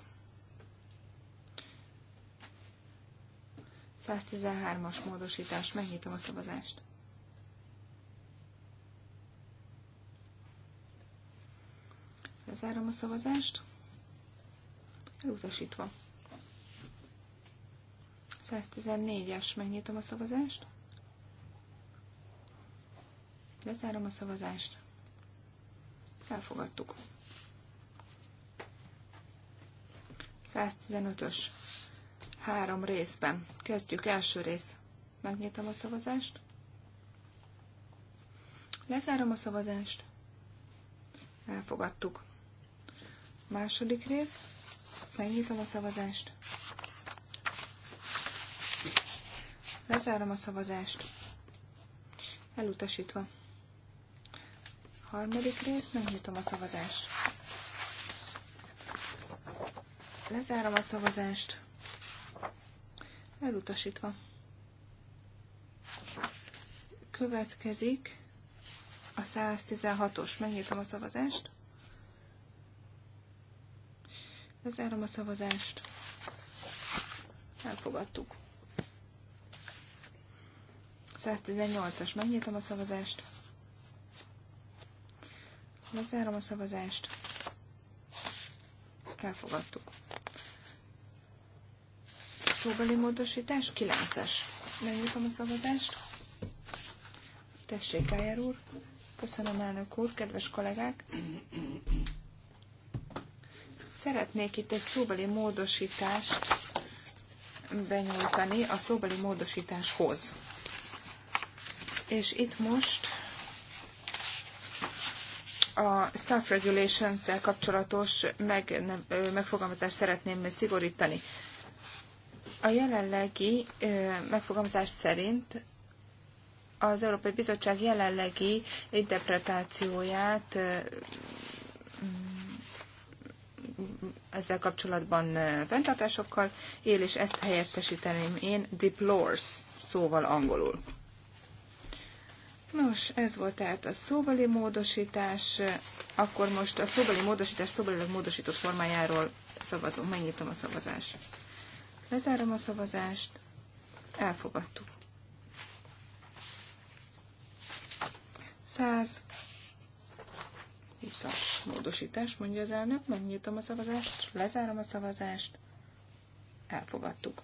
113-as módosítás. Megnyitom a szavazást. Lezárom a szavazást. Elutasítva. 114-es. Megnyitom a szavazást. Lezárom a szavazást. Elfogadtuk. 115-ös három részben. Kezdjük első rész. Megnyitom a szavazást. Lezárom a szavazást. Elfogadtuk. Második rész. Megnyitom a szavazást. Lezárom a szavazást. Elutasítva. Harmadik rész, megnyitom a szavazást. Lezárom a szavazást. Elutasítva. Következik a 116-os. Megnyitom a szavazást. Lezárom a szavazást. Elfogadtuk. 118-as. Megnyitom a szavazást. Lezárom a szavazást. Elfogadtuk. Szóbeli módosítás 9-es. Megnyitom a szavazást. Tessék, Gájer úr. Köszönöm, elnök úr, kedves kollégák. Szeretnék itt egy szóbeli módosítást benyújtani a szóbeli módosításhoz. És itt most a staff regulations-szel kapcsolatos meg, nem, megfogalmazást szeretném szigorítani. A jelenlegi megfogalmazás szerint az Európai Bizottság jelenlegi interpretációját mm, ezzel kapcsolatban fenntartásokkal él, és ezt helyettesíteném én deplores szóval angolul. Nos, ez volt tehát a szóbeli módosítás. Akkor most a szóbeli módosítás szóbeli módosított formájáról szavazunk. Megnyitom a szavazást. Lezárom a szavazást. Elfogadtuk. 100 as módosítás, mondja az elnök. Megnyitom a szavazást, lezárom a szavazást. Elfogadtuk.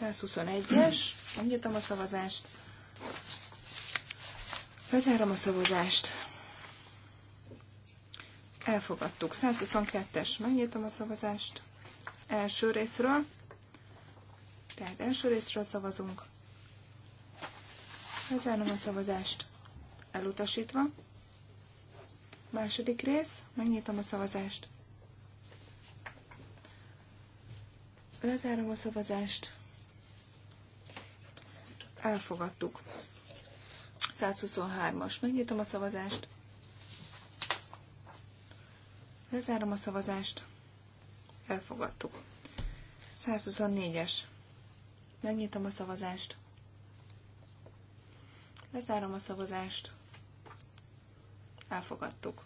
121-es, megnyitom a szavazást. Lezárom a szavazást Elfogadtuk. 122-es. Megnyitom a szavazást. Első részről. Tehát első részről szavazunk. Lezárom a szavazást. Elutasítva. Második rész. Megnyitom a szavazást. Lezárom a szavazást. Elfogadtuk. 123-as. Megnyitom a szavazást. Lezárom a szavazást. Elfogadtuk. 124-es. Megnyitom a szavazást. Lezárom a szavazást. Elfogadtuk.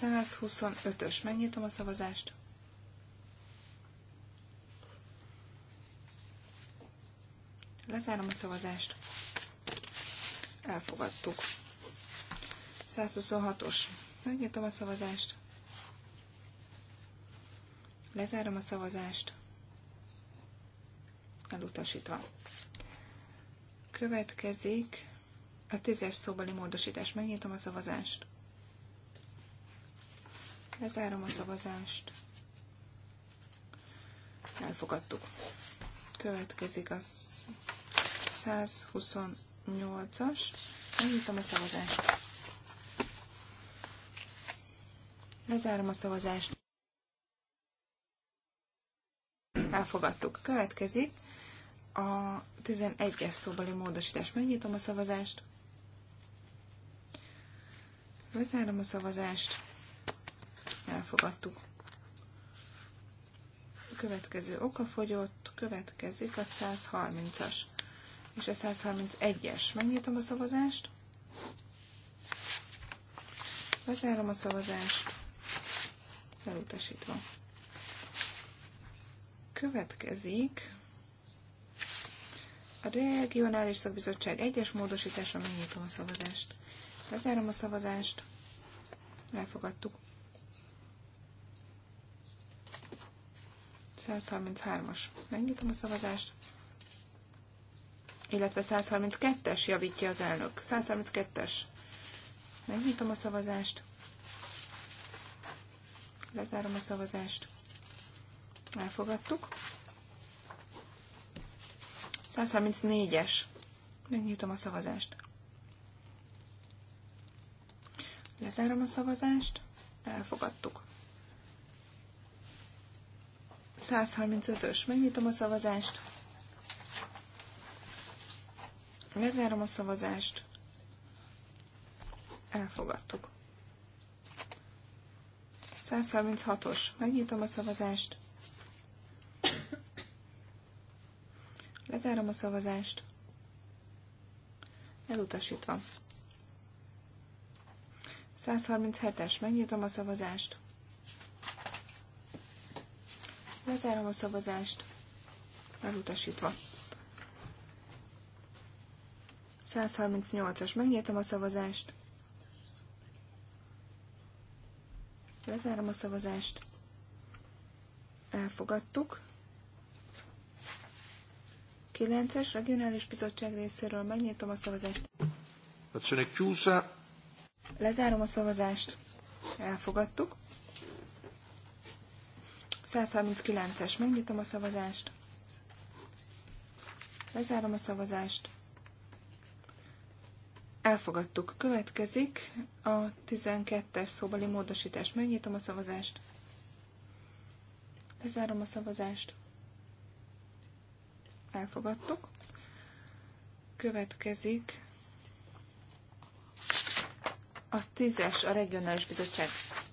125-ös. Megnyitom a szavazást. Lezárom a szavazást. Elfogadtuk. 126-os. Megnyitom a szavazást. Lezárom a szavazást. Elutasítva. Következik a tízes szóbeli módosítás. Megnyitom a szavazást. Lezárom a szavazást. Elfogadtuk. Következik a 128-as. Megnyitom a szavazást. Lezárom a szavazást. Elfogadtuk. Következik a 11-es szóbeli módosítás. Megnyitom a szavazást. Lezárom a szavazást. Elfogadtuk. A következő fogyott, következik a 130-as és a 131-es. Megnyitom a szavazást. Lezárom a szavazást elutasítva. Következik a Regionális Szakbizottság egyes módosítása, megnyitom a szavazást. Lezárom a szavazást. Elfogadtuk. 133-as. Megnyitom a szavazást. Illetve 132-es javítja az elnök. 132-es. Megnyitom a szavazást lezárom a szavazást. Elfogadtuk. 134-es. Megnyitom a szavazást. Lezárom a szavazást. Elfogadtuk. 135-ös. Megnyitom a szavazást. Lezárom a szavazást. Elfogadtuk. 136-os. Megnyitom a szavazást. Lezárom a szavazást. Elutasítva. 137-es. Megnyitom a szavazást. Lezárom a szavazást. Elutasítva. 138-as. Megnyitom a szavazást. Lezárom a szavazást. Elfogadtuk. 9-es regionális bizottság részéről megnyitom a szavazást. Lezárom a szavazást. Elfogadtuk. 139-es. Megnyitom a szavazást. Lezárom a szavazást. Elfogadtuk. Következik a 12-es szóbeli módosítás. Megnyitom a szavazást. Lezárom a szavazást. Elfogadtuk. Következik a 10-es a regionális bizottság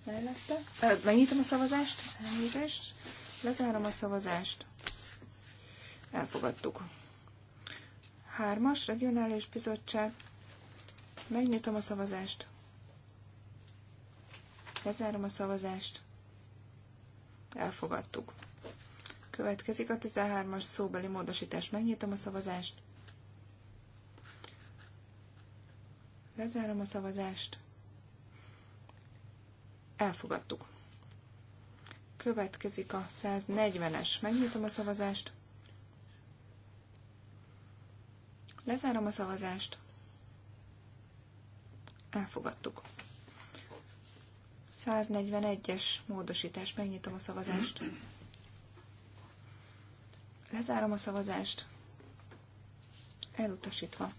mellette. Megnyitom a szavazást. Elnézést. Lezárom a szavazást. Elfogadtuk. Hármas regionális bizottság Megnyitom a szavazást. Lezárom a szavazást. Elfogadtuk. Következik a 13-as szóbeli módosítás. Megnyitom a szavazást. Lezárom a szavazást. Elfogadtuk. Következik a 140-es. Megnyitom a szavazást. Lezárom a szavazást elfogadtuk. 141-es módosítás, megnyitom a szavazást. Lezárom a szavazást. Elutasítva.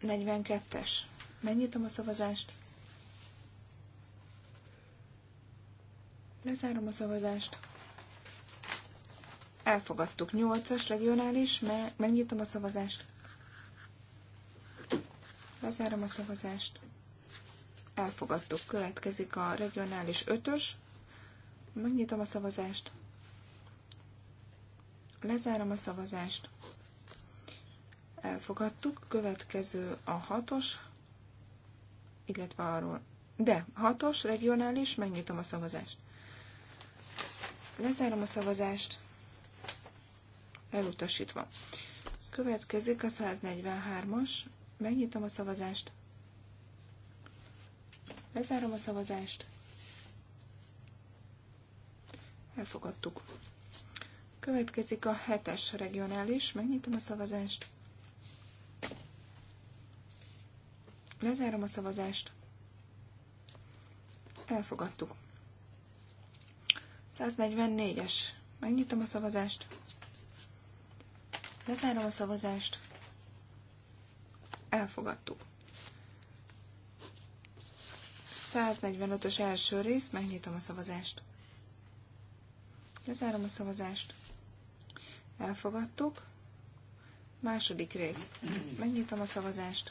142-es. Megnyitom a szavazást. Lezárom a szavazást. Elfogadtuk. 8-as regionális, megnyitom a szavazást. Lezárom a szavazást. Elfogadtuk. Következik a regionális ötös. Megnyitom a szavazást. Lezárom a szavazást. Elfogadtuk. Következő a hatos, illetve arról. De, hatos, regionális, megnyitom a szavazást. Lezárom a szavazást. Elutasítva. Következik a 143-as, Megnyitom a szavazást. Lezárom a szavazást. Elfogadtuk. Következik a hetes regionális. Megnyitom a szavazást. Lezárom a szavazást. Elfogadtuk. 144-es. Megnyitom a szavazást. Lezárom a szavazást elfogadtuk. 145-ös első rész, megnyitom a szavazást. Lezárom a szavazást. Elfogadtuk. Második rész. Megnyitom a szavazást.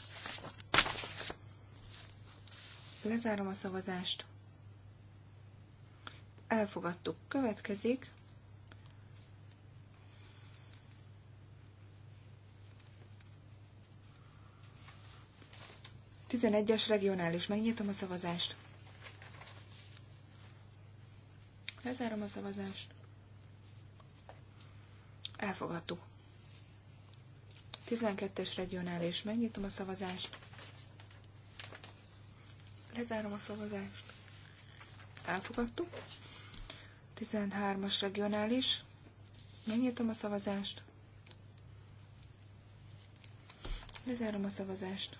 Lezárom a szavazást. Elfogadtuk. Következik 11-es regionális. Megnyitom a szavazást. Lezárom a szavazást. Elfogadtuk. 12-es regionális. Megnyitom a szavazást. Lezárom a szavazást. Elfogadtuk. 13-as regionális. Megnyitom a szavazást. Lezárom a szavazást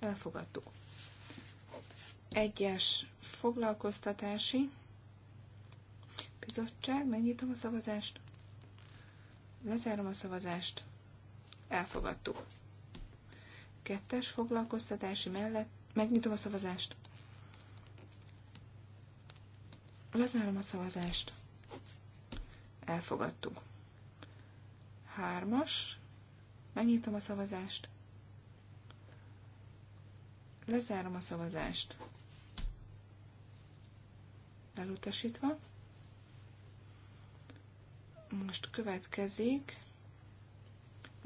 elfogadtuk. Egyes foglalkoztatási bizottság, megnyitom a szavazást, lezárom a szavazást, elfogadtuk. Kettes foglalkoztatási mellett, megnyitom a szavazást, lezárom a szavazást, elfogadtuk. Hármas, megnyitom a szavazást, Lezárom a szavazást. Elutasítva. Most következik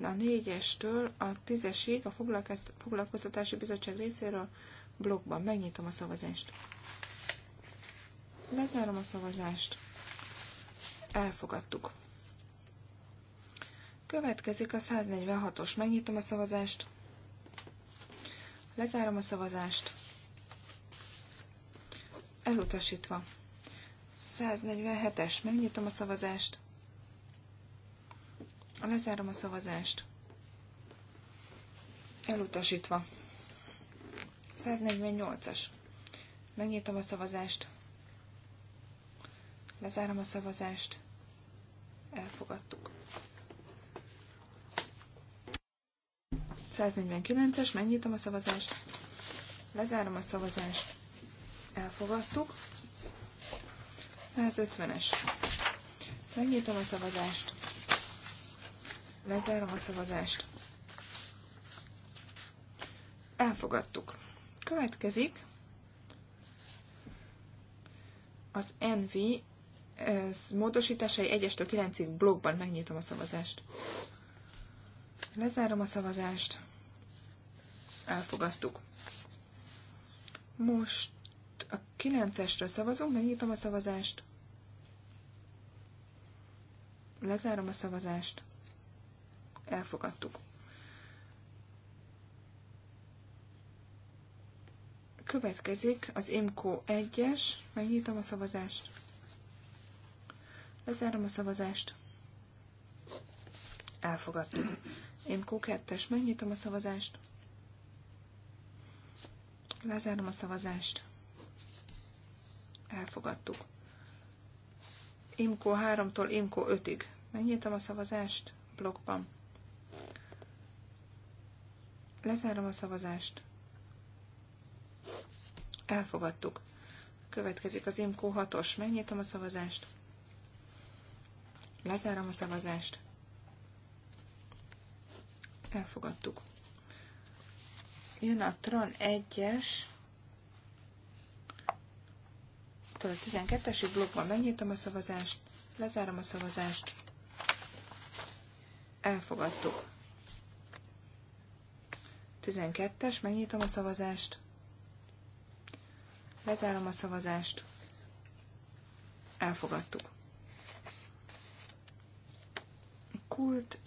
a 4-estől a 10-esig a Foglalkoztatási Bizottság részéről blogban. Megnyitom a szavazást. Lezárom a szavazást. Elfogadtuk. Következik a 146-os. Megnyitom a szavazást. Lezárom a szavazást. Elutasítva. 147-es. Megnyitom a szavazást. Lezárom a szavazást. Elutasítva. 148-as. Megnyitom a szavazást. Lezárom a szavazást. Elfogadtuk. 149-es, megnyitom a szavazást, lezárom a szavazást, elfogadtuk. 150-es, megnyitom a szavazást, lezárom a szavazást, elfogadtuk. Következik az NV ez módosításai 1-től 9-ig blogban megnyitom a szavazást. Lezárom a szavazást elfogadtuk. Most a 9-esről szavazunk, megnyitom a szavazást. Lezárom a szavazást. Elfogadtuk. Következik az IMCO 1-es, megnyitom a szavazást. Lezárom a szavazást. Elfogadtuk. IMCO 2-es, megnyitom a szavazást. Lezárom a szavazást. Elfogadtuk. Imko 3-tól Imko 5-ig. Megnyitom a szavazást blogban. Lezárom a szavazást. Elfogadtuk. Következik az Imkó 6-os. Megnyitom a szavazást. Lezárom a szavazást. Elfogadtuk. Jön a Tron 1-es, 12 es blokkban megnyitom a szavazást, lezárom a szavazást, elfogadtuk. 12-es, megnyitom a szavazást, lezárom a szavazást, elfogadtuk. Kult,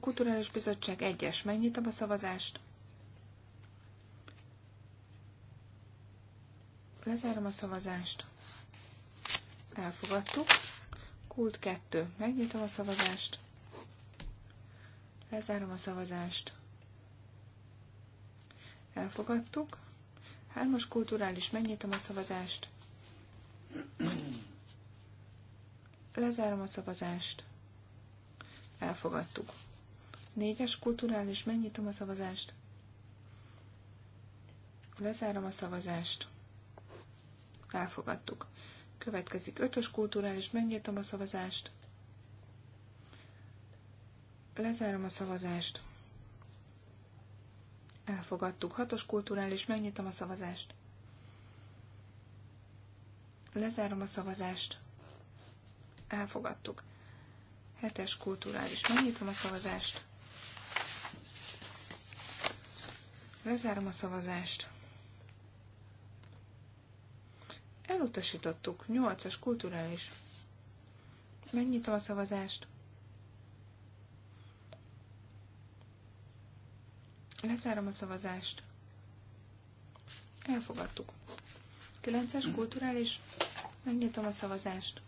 Kulturális Bizottság 1-es, megnyitom a szavazást, Lezárom a szavazást. Elfogadtuk. Kult 2. Megnyitom a szavazást. Lezárom a szavazást. Elfogadtuk. Hármas kulturális. Megnyitom a szavazást. Lezárom a szavazást. Elfogadtuk. Négyes kulturális. Megnyitom a szavazást. Lezárom a szavazást elfogadtuk. Következik ötös kulturális, megnyitom a szavazást. Lezárom a szavazást. Elfogadtuk. Hatos kulturális, megnyitom a szavazást. Lezárom a szavazást. Elfogadtuk. Hetes kulturális, megnyitom a szavazást. Lezárom a szavazást. Elutasítottuk. Nyolcas kulturális. Megnyitom a szavazást. Lezárom a szavazást. Elfogadtuk. Kilences kulturális. Megnyitom a szavazást.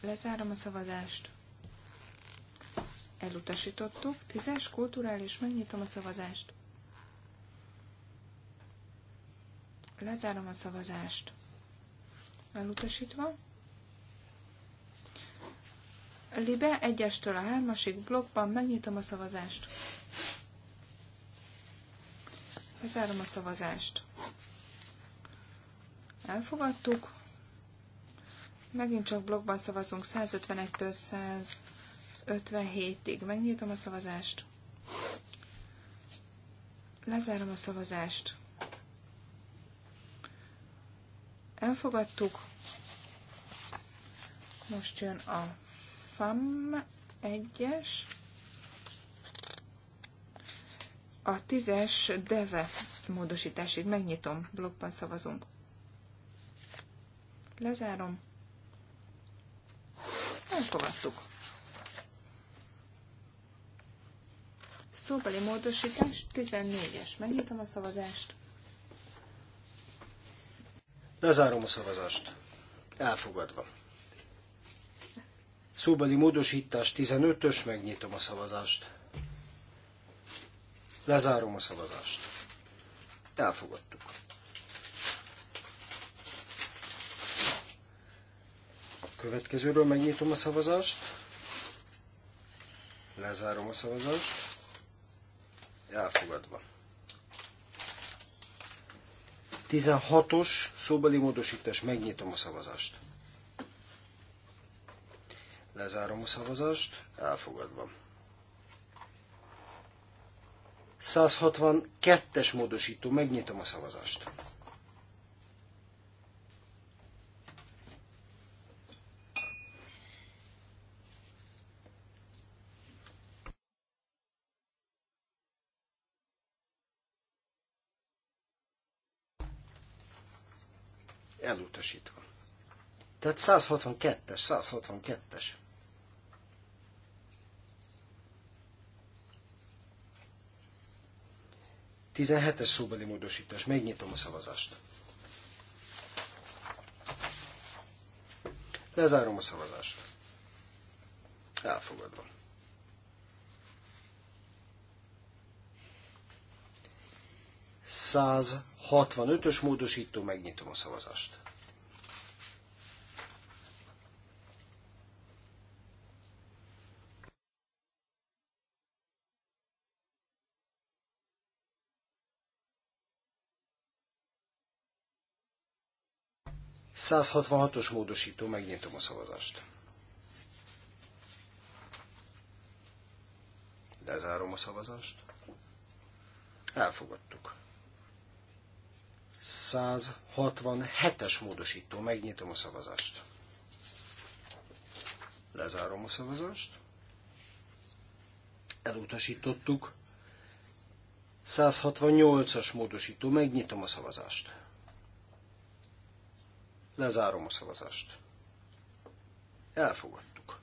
Lezárom a szavazást. Elutasítottuk. Tízes kulturális. Megnyitom a szavazást. Lezárom a szavazást. Elutasítva. Libe 1-től a 3-asig blokkban megnyitom a szavazást. Lezárom a szavazást. Elfogadtuk. Megint csak blokkban szavazunk 151-től 157-ig. Megnyitom a szavazást. Lezárom a szavazást. elfogadtuk. Most jön a FAM 1-es, a 10-es DEVE módosításig megnyitom, blokkban szavazunk. Lezárom. Elfogadtuk. Szóbeli módosítás 14-es. Megnyitom a szavazást. Lezárom a szavazást. Elfogadva. Szóbeli módosítás 15-ös, megnyitom a szavazást. Lezárom a szavazást. Elfogadtuk. A következőről megnyitom a szavazást. Lezárom a szavazást. Elfogadva. 16-os szóbeli módosítás, megnyitom a szavazást. Lezárom a szavazást, elfogadva. 162-es módosító, megnyitom a szavazást. elutasítva. Tehát 162-es, 162-es. Tizenhetes szóbeli módosítás. Megnyitom a szavazást. Lezárom a szavazást. Elfogadva. 100 65-ös módosító, megnyitom a szavazást. Százhatvanhatos módosító, megnyitom a szavazást. Lezárom a szavazást. Elfogadtuk. 167-es módosító. Megnyitom a szavazást. Lezárom a szavazást. Elutasítottuk. 168-as módosító. Megnyitom a szavazást. Lezárom a szavazást. Elfogadtuk.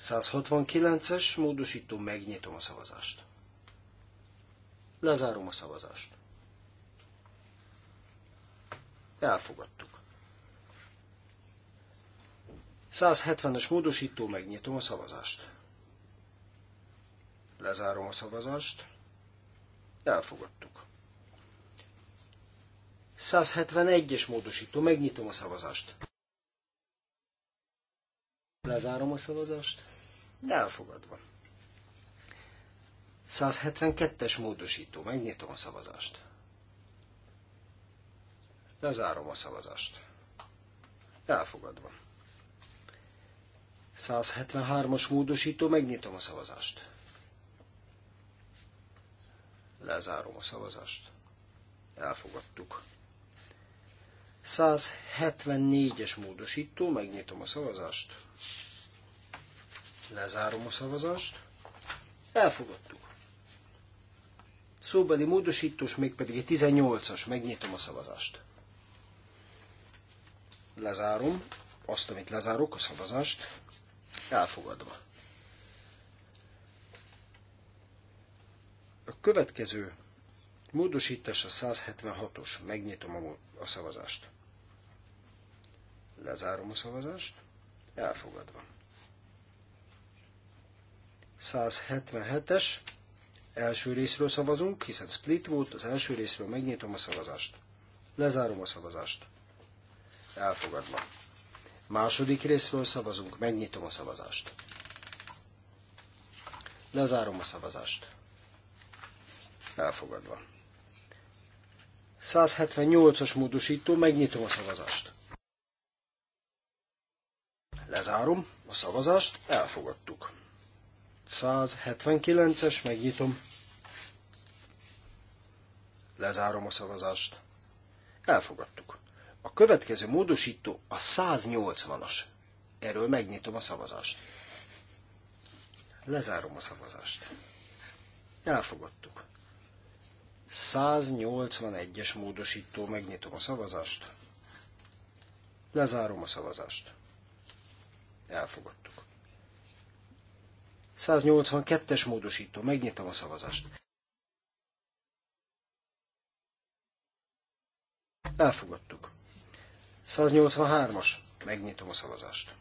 169-es módosító. Megnyitom a szavazást. Lezárom a szavazást. Elfogadtuk. 170-es módosító, megnyitom a szavazást. Lezárom a szavazást. Elfogadtuk. 171-es módosító, megnyitom a szavazást. Lezárom a szavazást. Elfogadva. 172-es módosító, megnyitom a szavazást. Lezárom a szavazást. Elfogadva. 173-as módosító, megnyitom a szavazást. Lezárom a szavazást. Elfogadtuk. 174-es módosító, megnyitom a szavazást. Lezárom a szavazást. Elfogadtuk. Szóbeli módosítós, mégpedig egy 18-as, megnyitom a szavazást. Lezárom azt, amit lezárok, a szavazást. Elfogadva. A következő módosítás a 176-os. Megnyitom a, szavazást. Lezárom a szavazást. Elfogadva. 177-es. Első részről szavazunk, hiszen split volt. Az első részről megnyitom a szavazást. Lezárom a szavazást elfogadva. Második részről szavazunk, megnyitom a szavazást. Lezárom a szavazást. Elfogadva. 178-as módosító, megnyitom a szavazást. Lezárom a szavazást, elfogadtuk. 179-es, megnyitom. Lezárom a szavazást. Elfogadtuk. A következő módosító a 180-as. Erről megnyitom a szavazást. Lezárom a szavazást. Elfogadtuk. 181-es módosító, megnyitom a szavazást. Lezárom a szavazást. Elfogadtuk. 182-es módosító, megnyitom a szavazást. Elfogadtuk. 183-as. Megnyitom a szavazást.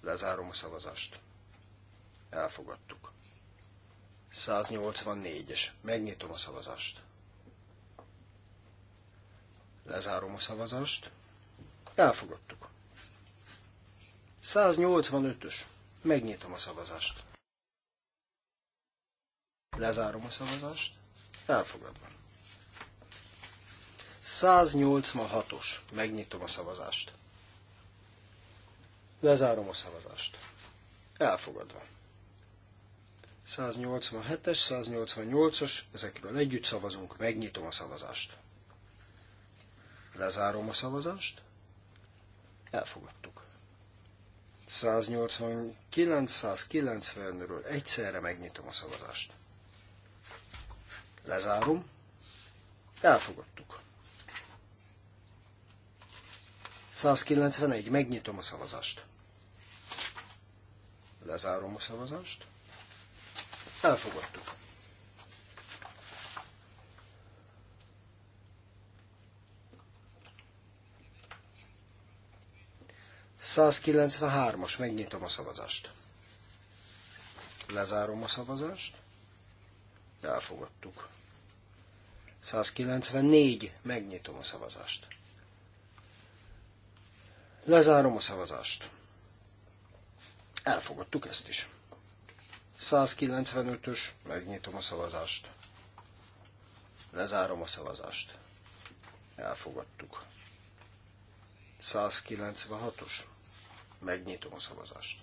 Lezárom a szavazást. Elfogadtuk. 184-es. Megnyitom a szavazást. Lezárom a szavazást. Elfogadtuk. 185-ös. Megnyitom a szavazást. Lezárom a szavazást. Elfogadva. 186-os. Megnyitom a szavazást. Lezárom a szavazást. Elfogadva. 187-es, 188-os, ezekről együtt szavazunk, megnyitom a szavazást. Lezárom a szavazást. Elfogadtuk. 189-190-ről egyszerre megnyitom a szavazást. Lezárom. Elfogadtuk. 191. Megnyitom a szavazást. Lezárom a szavazást. Elfogadtuk. as megnyitom a szavazást. Lezárom a szavazást. Elfogadtuk. 194. Megnyitom a szavazást. Lezárom a szavazást. Elfogadtuk ezt is. 195-ös, megnyitom a szavazást. Lezárom a szavazást. Elfogadtuk. 196-os, megnyitom a szavazást.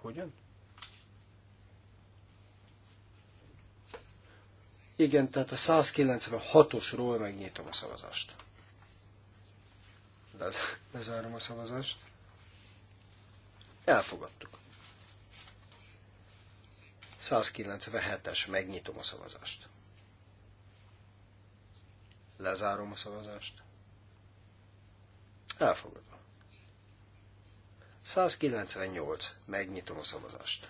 Hogyan? Igen, tehát a 196-osról megnyitom a szavazást. Lezárom a szavazást. Elfogadtuk. 197-es, megnyitom a szavazást. Lezárom a szavazást. Elfogadom. 198. Megnyitom a szavazást.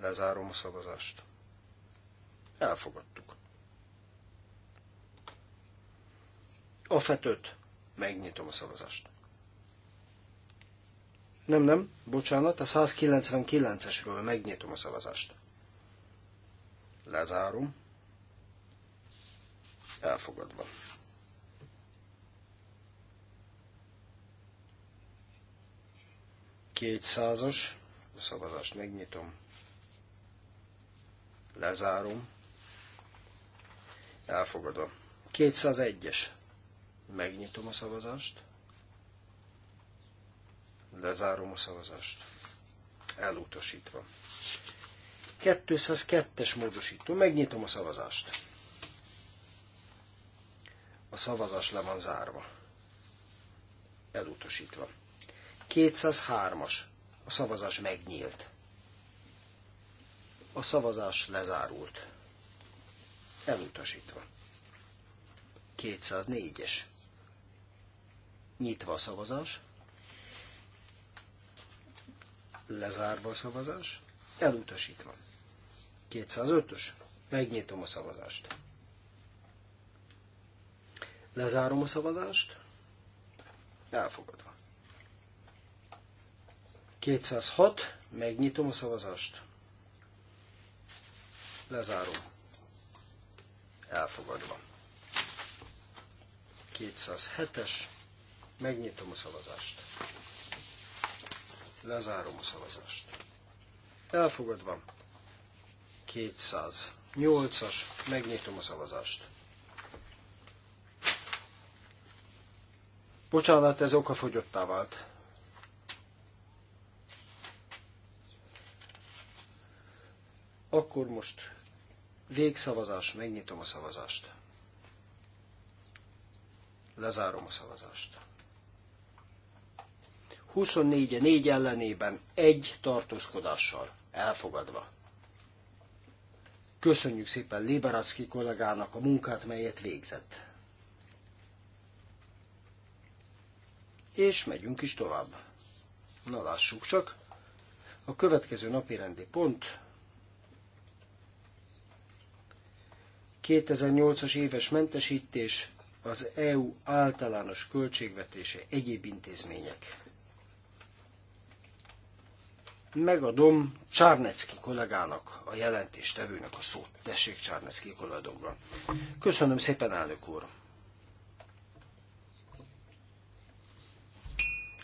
Lezárom a szavazást. Elfogadtuk. A fetőt. Megnyitom a szavazást. Nem, nem, bocsánat, a 199-esről megnyitom a szavazást. Lezárom. Elfogadva. Kétszázas. A szavazást megnyitom. Lezárom. Elfogadom. 201-es. Megnyitom a szavazást. Lezárom a szavazást. Elutasítva. 202-es módosító. Megnyitom a szavazást. A szavazás le van zárva. Elutasítva. 203-as. A szavazás megnyílt. A szavazás lezárult. Elutasítva. 204-es. Nyitva a szavazás. Lezárva a szavazás. Elutasítva. 205-ös. Megnyitom a szavazást. Lezárom a szavazást. Elfogadva. 206. Megnyitom a szavazást. Lezárom elfogadva. 207-es, megnyitom a szavazást. Lezárom a szavazást. Elfogadva. 208-as, megnyitom a szavazást. Bocsánat, ez okafogyottá vált. Akkor most Végszavazás, megnyitom a szavazást. Lezárom a szavazást. 24 négy ellenében egy tartózkodással elfogadva. Köszönjük szépen Liberacki kollégának a munkát, melyet végzett. És megyünk is tovább. Na lássuk csak. A következő napi rendi pont 2008-as éves mentesítés az EU általános költségvetése egyéb intézmények. Megadom Csárnecki kollégának, a jelentéstevőnek a szót. Tessék Csárnecki kollégámra. Köszönöm szépen, elnök úr.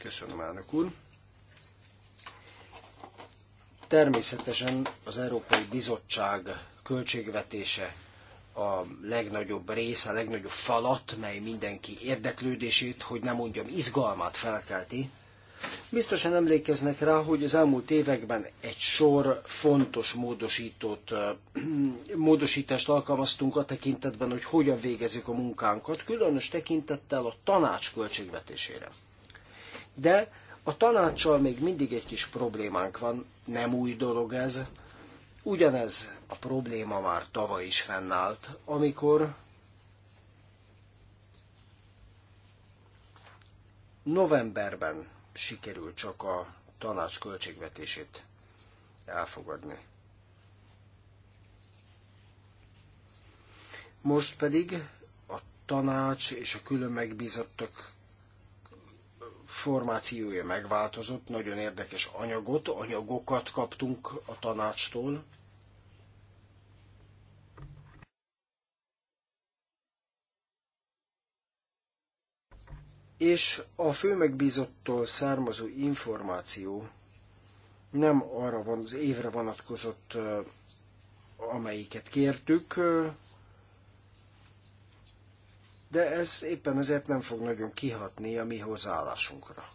Köszönöm, elnök úr. Természetesen az Európai Bizottság költségvetése a legnagyobb rész, a legnagyobb falat, mely mindenki érdeklődését, hogy nem mondjam izgalmat felkelti. Biztosan emlékeznek rá, hogy az elmúlt években egy sor fontos módosított, módosítást alkalmaztunk a tekintetben, hogy hogyan végezzük a munkánkat, különös tekintettel a tanács költségvetésére. De a tanácssal még mindig egy kis problémánk van, nem új dolog ez, Ugyanez a probléma már tavaly is fennállt, amikor novemberben sikerült csak a tanács költségvetését elfogadni. Most pedig a tanács és a külön megbízottak formációja megváltozott, nagyon érdekes anyagot, anyagokat kaptunk a tanácstól. És a főmegbízottól származó információ nem arra van, az évre vonatkozott, amelyiket kértük, de ez éppen ezért nem fog nagyon kihatni a mi hozzáállásunkra.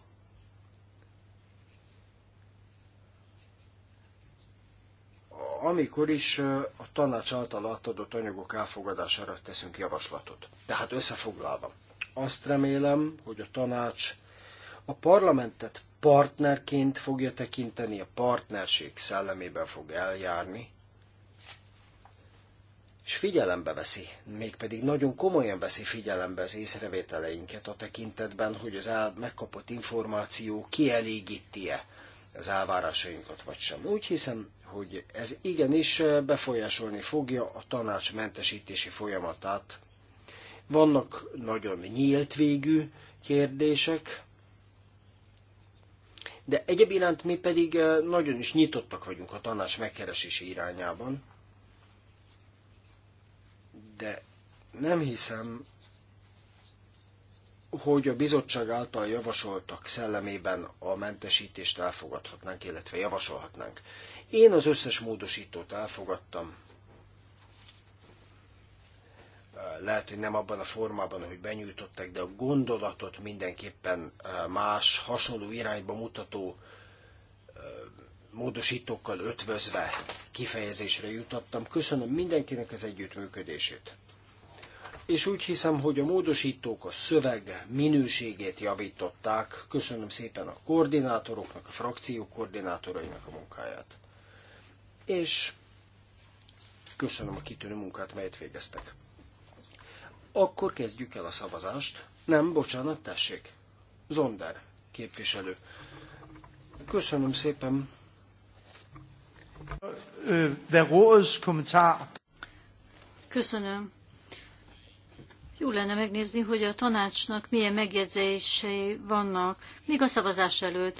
amikor is a tanács által átadott anyagok elfogadására teszünk javaslatot. Tehát összefoglalva, azt remélem, hogy a tanács a parlamentet partnerként fogja tekinteni, a partnerség szellemében fog eljárni, és figyelembe veszi, mégpedig nagyon komolyan veszi figyelembe az észrevételeinket a tekintetben, hogy az el megkapott információ kielégíti-e az elvárásainkat vagy sem. Úgy hiszem, hogy ez igenis befolyásolni fogja a tanács mentesítési folyamatát. Vannak nagyon nyílt végű kérdések, de egyéb iránt mi pedig nagyon is nyitottak vagyunk a tanács megkeresési irányában de nem hiszem, hogy a bizottság által javasoltak szellemében a mentesítést elfogadhatnánk, illetve javasolhatnánk. Én az összes módosítót elfogadtam. Lehet, hogy nem abban a formában, hogy benyújtottak, de a gondolatot mindenképpen eh, más, hasonló irányba mutató módosítókkal ötvözve kifejezésre jutottam. Köszönöm mindenkinek az együttműködését. És úgy hiszem, hogy a módosítók a szöveg minőségét javították. Köszönöm szépen a koordinátoroknak, a frakció koordinátorainak a munkáját. És köszönöm a kitűnő munkát, melyet végeztek. Akkor kezdjük el a szavazást. Nem, bocsánat, tessék. Zonder képviselő. Köszönöm szépen, Hvad er rådets kommentar? Köszönöm. Jó lenne megnézni, hogy a tanácsnak milyen megjegyzései vannak, még a szavazás előtt.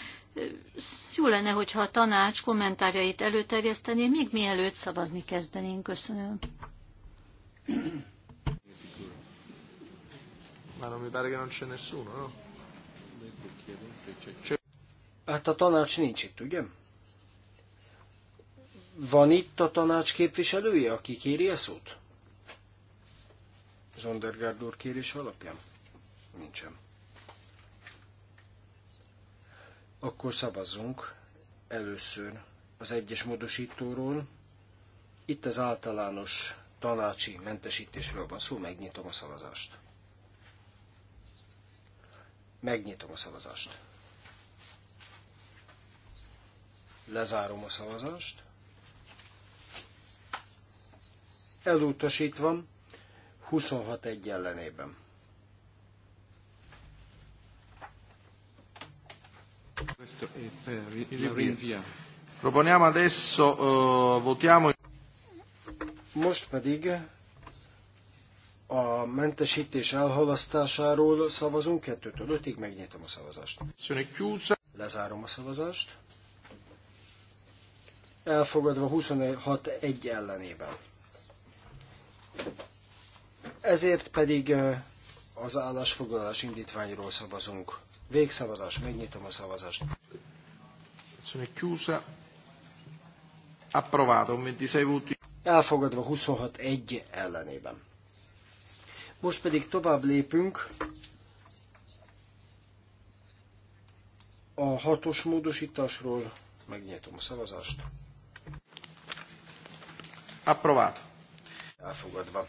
Jó lenne, hogyha a tanács kommentárjait előterjeszteni, még mielőtt szavazni kezdenénk. Köszönöm. Hát a tanács nincs itt, ugye? Van itt a tanács képviselője, aki kéri a szót? Zondergárd úr kérés alapján? Nincsen. Akkor szavazzunk először az egyes módosítóról. Itt az általános tanácsi mentesítésről van szó, megnyitom a szavazást. Megnyitom a szavazást. Lezárom a szavazást. elutasítva 26 egy ellenében. Eh, Most pedig a mentesítés elhalasztásáról szavazunk, 2-től 5-ig megnyitom a szavazást. Lezárom a szavazást. Elfogadva 26 egy ellenében. Ezért pedig az állásfoglalás indítványról szavazunk. Végszavazás, megnyitom a szavazást. 26 voti. Elfogadva 26-1 ellenében. Most pedig tovább lépünk a hatos módosításról. Megnyitom a szavazást. Approvato elfogadva.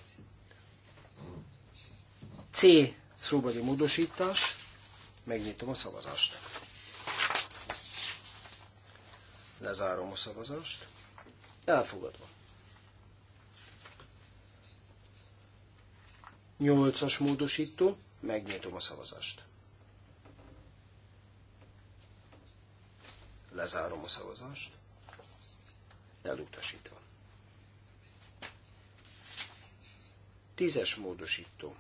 C. Szóbeli módosítás. Megnyitom a szavazást. Lezárom a szavazást. Elfogadva. Nyolcas módosító. Megnyitom a szavazást. Lezárom a szavazást. Elutasítva. Tízes módosító,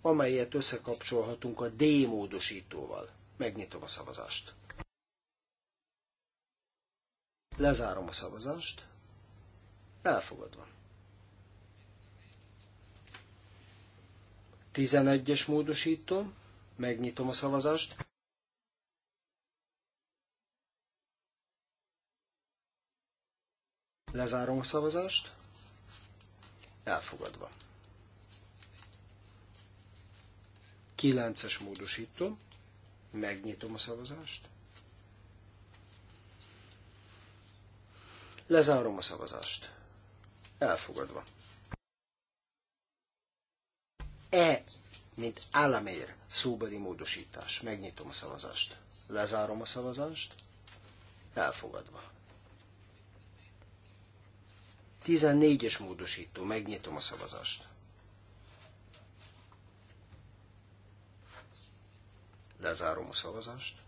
amelyet összekapcsolhatunk a D módosítóval. Megnyitom a szavazást. Lezárom a szavazást. Elfogadva. 11-es módosító. Megnyitom a szavazást. Lezárom a szavazást. Elfogadva. 9-es módosító, megnyitom a szavazást, lezárom a szavazást, elfogadva. E, mint államér szóbeli módosítás, megnyitom a szavazást, lezárom a szavazást, elfogadva. 14-es módosító, megnyitom a szavazást. Lezárom a szavazást.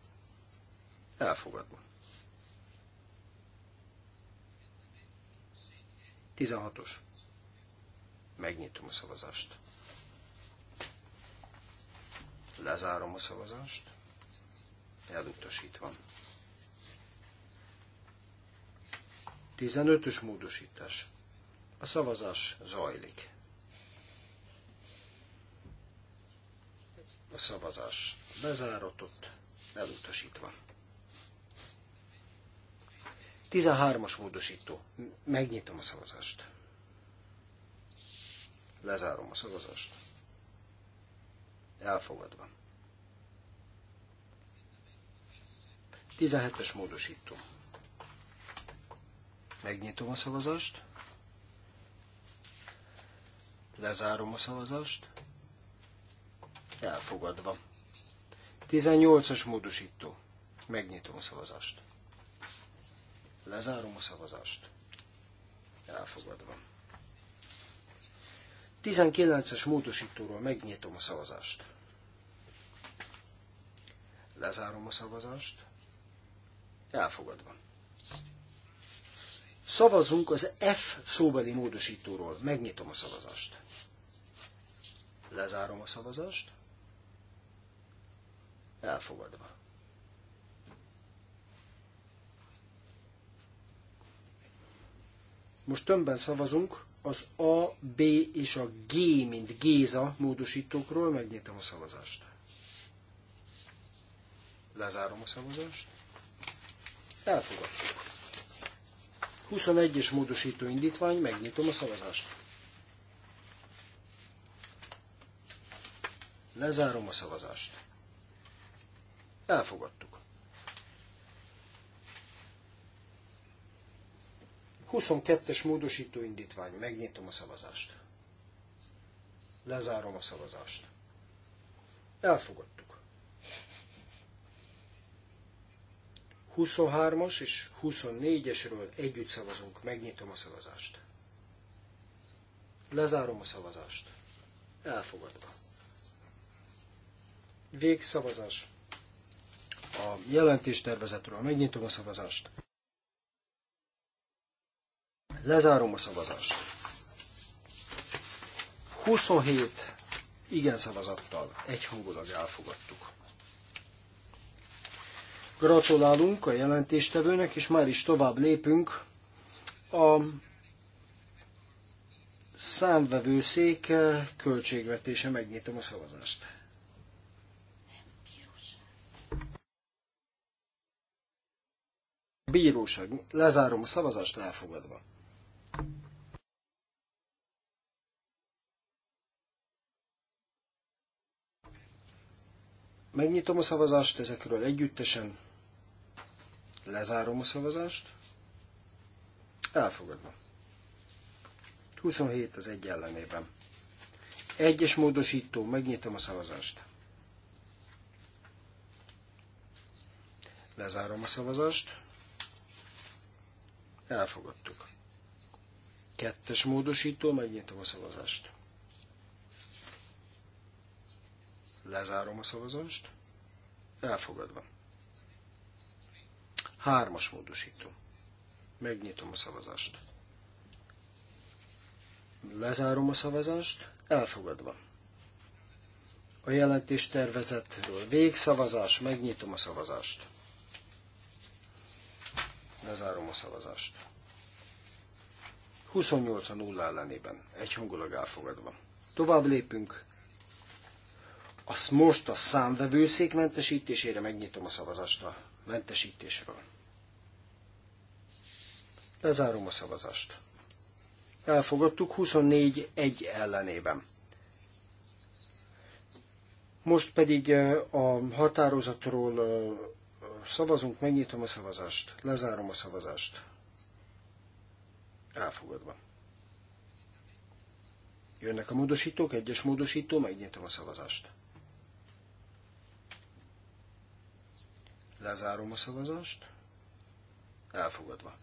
Elfogadva. 16-os. Megnyitom a szavazást. Lezárom a szavazást. Elutasítva. 15-ös módosítás. A szavazás zajlik. a szavazás bezáratott, elutasítva. 13-as módosító. Megnyitom a szavazást. Lezárom a szavazást. Elfogadva. 17-es módosító. Megnyitom a szavazást. Lezárom a szavazást. Elfogadva. 18-as módosító. Megnyitom a szavazást. Lezárom a szavazást. Elfogadva. 19-es módosítóról megnyitom a szavazást. Lezárom a szavazást. Elfogadva. Szavazunk az F szóbeli módosítóról. Megnyitom a szavazást. Lezárom a szavazást elfogadva. Most tömbben szavazunk az A, B és a G, mint Géza módosítókról. Megnyitom a szavazást. Lezárom a szavazást. Elfogadjuk. 21-es módosító indítvány, megnyitom a szavazást. Lezárom a szavazást. Elfogadtuk. 22-es módosító indítvány. Megnyitom a szavazást. Lezárom a szavazást. Elfogadtuk. 23-as és 24-esről együtt szavazunk. Megnyitom a szavazást. Lezárom a szavazást. Elfogadva. Végszavazás a jelentéstervezetről. Megnyitom a szavazást. Lezárom a szavazást. 27 igen szavazattal egyhangulag elfogadtuk. Gratulálunk a jelentéstevőnek, és már is tovább lépünk a számvevőszék költségvetése. Megnyitom a szavazást. Bíróság. Lezárom a szavazást elfogadva. Megnyitom a szavazást ezekről együttesen. Lezárom a szavazást. Elfogadva. 27 az egy ellenében. Egyes módosító, megnyitom a szavazást. Lezárom a szavazást. Elfogadtuk. Kettes módosító, megnyitom a szavazást. Lezárom a szavazást. Elfogadva. Hármas módosító. Megnyitom a szavazást. Lezárom a szavazást. Elfogadva. A jelentés tervezetről végszavazás. Megnyitom a szavazást. Lezárom a szavazást. 28 a nulla ellenében, egyhangulag elfogadva. Tovább lépünk. Azt most a számvevőszék mentesítésére megnyitom a szavazást a mentesítésről. Lezárom a szavazást. Elfogadtuk 24-1 ellenében. Most pedig eh, a határozatról eh, Szavazunk, megnyitom a szavazást, lezárom a szavazást. Elfogadva. Jönnek a módosítók, egyes módosító, megnyitom a szavazást. Lezárom a szavazást. Elfogadva.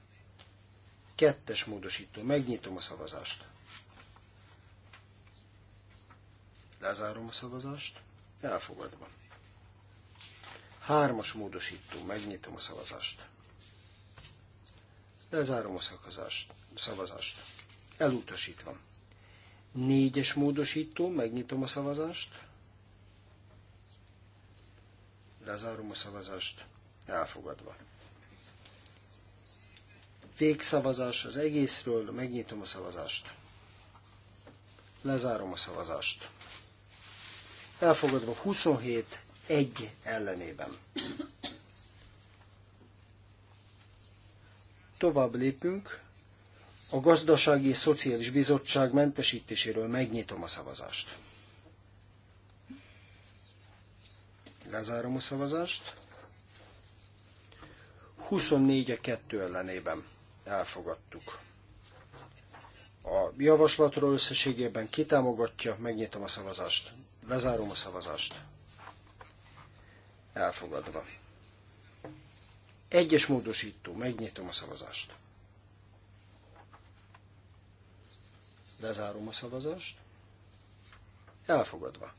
Kettes módosító, megnyitom a szavazást. Lezárom a szavazást. Elfogadva. Hármas módosító, megnyitom a szavazást. Lezárom a szakazást, szavazást. Elutasítva. Négyes módosító, megnyitom a szavazást. Lezárom a szavazást. Elfogadva. Végszavazás az egészről, megnyitom a szavazást. Lezárom a szavazást. Elfogadva 27 egy ellenében. Tovább lépünk. A Gazdasági és Szociális Bizottság mentesítéséről megnyitom a szavazást. Lezárom a szavazást. 24 2 ellenében elfogadtuk. A javaslatról összességében kitámogatja, megnyitom a szavazást. Lezárom a szavazást. Elfogadva. Egyes módosító. Megnyitom a szavazást. Lezárom a szavazást. Elfogadva.